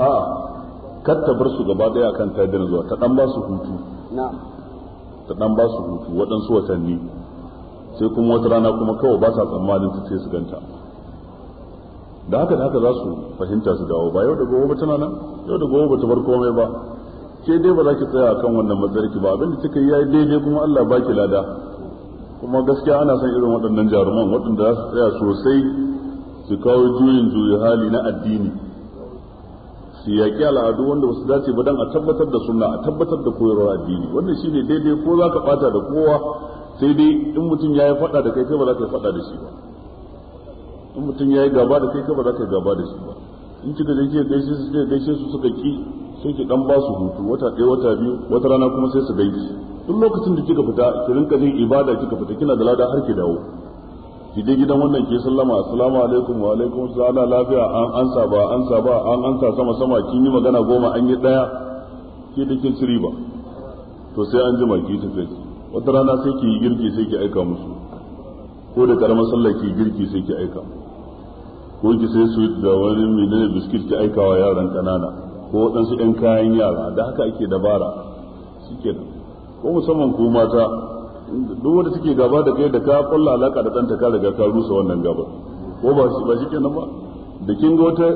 a kar ta bar su gaba ɗaya akan ta daina zuwa ta ɗan ba su hutu ta ɗan ba su hutu waɗansu watanni sai kuma wata rana kuma kawai ba sa tsammanin su sai su ganta da haka da haka za su fahimta su dawo ba yau da gobe tana nan yau da gobe ta bar komai ba ke dai ba za ki tsaya kan wannan matsarki ba abinda kika yi yayi daidai kuma Allah ba ki lada kuma gaskiya ana son irin waɗannan jaruman waɗanda za su tsaya sosai su kawo juyin juyi hali na addini su yaƙi al'adu wanda ba su dace ba dan a tabbatar da suna a tabbatar da koyarwar addini wannan shine daidai ko za ka ɓata da kowa sai dai in mutum ya yi faɗa da kai kai ba za ka yi faɗa da shi ba in mutum ya yi gaba da kai kai ba za ka yi gaba da shi ba in kika da kika gaishe su kika gaishe su suka ki sai ki dan ba su hutu wata ɗaya wata biyu wata rana kuma sai su gaishe duk lokacin da kika fita ki rinka yin ibada kika fita kina da lada har ki dawo ki je gidan wannan ke sallama assalamu alaikum wa alaikum assalam lafiya an ansa ba ansa ba an ansa sama sama kin yi magana goma an yi daya ke da kin siri ba to sai an jima ki tafi wata rana sai ki yi girki sai ki aika musu ko da karamar sallah ki girki sai ki aika ko ki sai su da wani menene biskit ki aika wa yaran kanana ko waɗansu ɗan kayan yara da haka ake dabara su shikenan ko musamman ko mata duk wanda suke gaba da kai da ka kulla alaka da ɗanta ka riga ka rusa wannan gaba ko ba shi ba nan ba da kin ga wata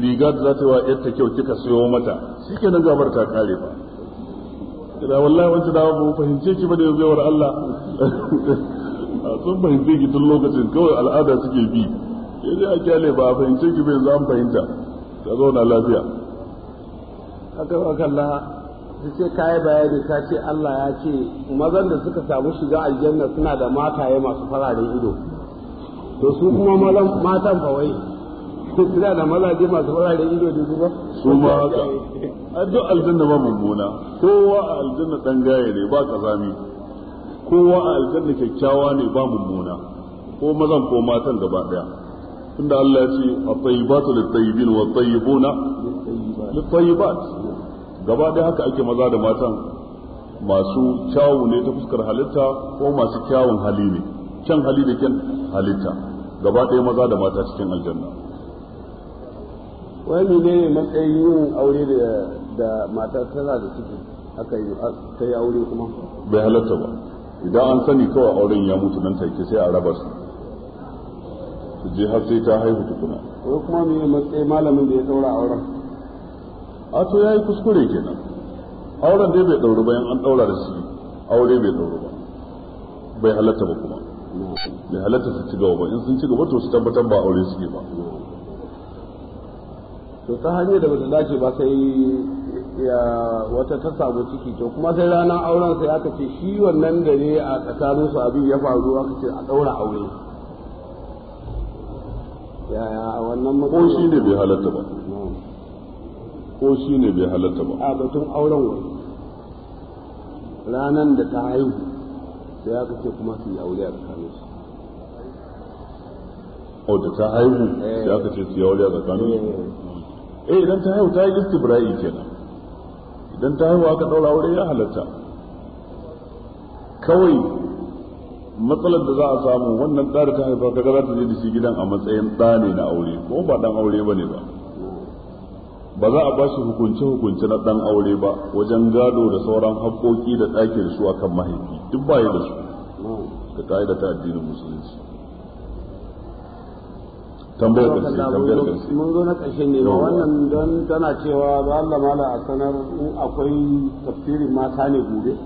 riga da za ta wa yarta kyau kika sayo mata nan gabar ta kare ba da wallahi wancan da ba fahimce ki ba da yabewar Allah sun fahimce ki tun lokacin kawai al'ada suke bi yaje a kyale ba fahimce ki bai zan fahimta ta zauna lafiya haka ba kalla ta ce kayi bayani ta ce Allah ya ce mazan da suka samu shiga aljanna suna da mataye masu fararen ido to su kuma matan fa wai suna da mazaje masu fararen ido da su ba su ma haka a duk aljanna ba mummuna kowa a aljanna dan gaye ne ba kazami kowa a aljanna kyakkyawa ne ba mummuna ko mazan ko matan gaba daya tunda Allah ya ce a tayyibatu lit-tayyibin wa at-tayyibuna lit-tayyibat gaba daya haka ake maza da matan masu kyawu ne ta fuskar halitta ko masu kyawun hali ne kyan hali da kyan halitta gaba ɗaya maza da mata cikin aljanna wai mene ne matsayin yin aure da mata tana da ciki aka yi ta yi aure kuma bai halatta ba idan an sani kawai auren ya mutu nan take sai a raba su su je har sai ta haihu tukuna wai kuma me ne matsayin malamin da ya saura auren a to yi kuskure kenan auren dai bai dauri bayan an daura da shi aure bai dauri ba bai halatta ba kuma bai halatta su ci gaba ba in sun ci gaba to su tabbatar ba aure suke ba to ta hanyar da bata dace ba sai ya wata ta samu ciki to kuma sai ranar auren sai aka ce shi wannan gare a tsakanin su abin ya faru aka ce a daura aure yaya wannan ko shi ne bai halatta ba ko shi ne bai halatta ba a batun auren wani ranar da ta haihu sai aka ce kuma su yi aure a tsakanin su o oh, da ta haihu eh. sai aka ce su yi aure a tsakanin su eh. eh idan ta haihu ta yi istibra'i kenan idan ta haihu aka daura aure ya halatta kawai matsalar da za a samu wannan ɗa da ta haifa ka gaza ta je da shi gidan a matsayin ɗa ne na aure ko ba ɗan aure ba ne ba ba za a ba shi hukunce-hukunce na ɗan aure ba wajen gado da sauran haƙoƙi da ɗakin su akan mahaifi duk baya da su da ta addinin musulunci tambayar da shi tambayar da mun zo na ƙarshe ne wannan don tana cewa da Allah mala a sanar akwai tafsirin mata ne gobe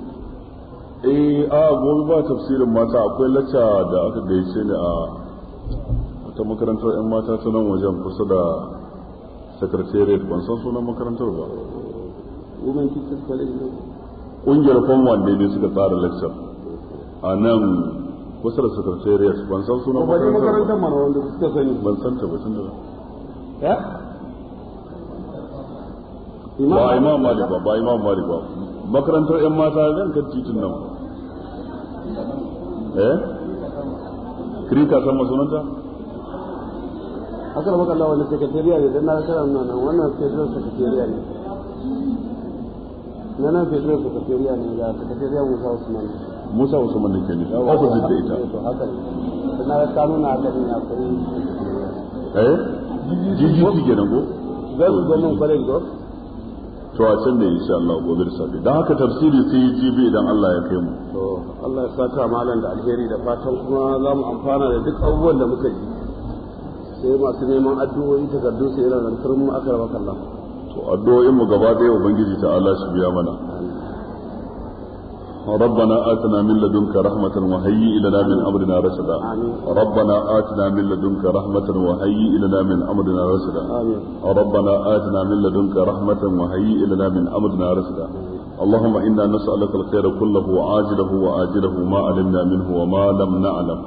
eh a gobe ba tafsirin mata akwai lacca da aka gaishe ne a wata makarantar yan mata ta nan wajen kusa da secretariat ban san sunan makarantar ba women teachers college ƙungiyar fan wanda ne suka tsara lacca a nan kusa da secretariat ban san sunan makarantar ba makarantar mana wanda kuka sani ban san ta ba tun da ya ba eh? imam malik ba ba imam malik ba makarantar yan mata zan kan titin nan eh krika san masunanta akar maka Allah wani secretariat ne dan na karan nan wannan federal secretariat ne na nan federal secretariat ne ga secretariat Musa Usman Musa wasu da ke opposite da ita na ta nuna haka ne akwai eh ko zai zai nan kwarin ko to a can ne insha Allah ko zai sabi dan haka tafsiri sai jibi idan Allah ya kai mu to Allah ya saka malam da alheri da fatan kuma za mu amfana da duk abubuwan da muka yi sai masu neman addu'o'i gardu sai irin rantar mu aka raba kallon to addu'o'in mu gaba ɗaya ubangiji ta Allah shi biya mana ربنا آتنا من لدنك رحمة وهيئ لنا من أمرنا رشدا ربنا آتنا من لدنك رحمة وهيئ لنا من أمرنا رشدا ربنا آتنا من لدنك رحمة وهيئ لنا من أمرنا رشدا اللهم إنا نسألك الخير كله عاجله وآجله ما علمنا منه وما لم نعلم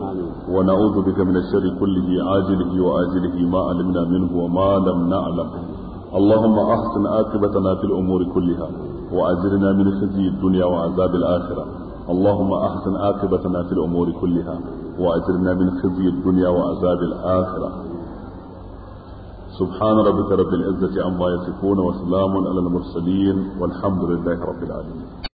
ونعوذ بك من الشر كله عاجله وآجله ما علمنا منه وما لم نعلم اللهم أحسن عاقبتنا في الأمور كلها وأجرنا من خزي الدنيا وعذاب الآخرة اللهم أحسن عاقبتنا في الأمور كلها وأجرنا من خزي الدنيا وعذاب الآخرة سبحان ربك رب العزة عما يصفون وسلام على المرسلين والحمد لله رب العالمين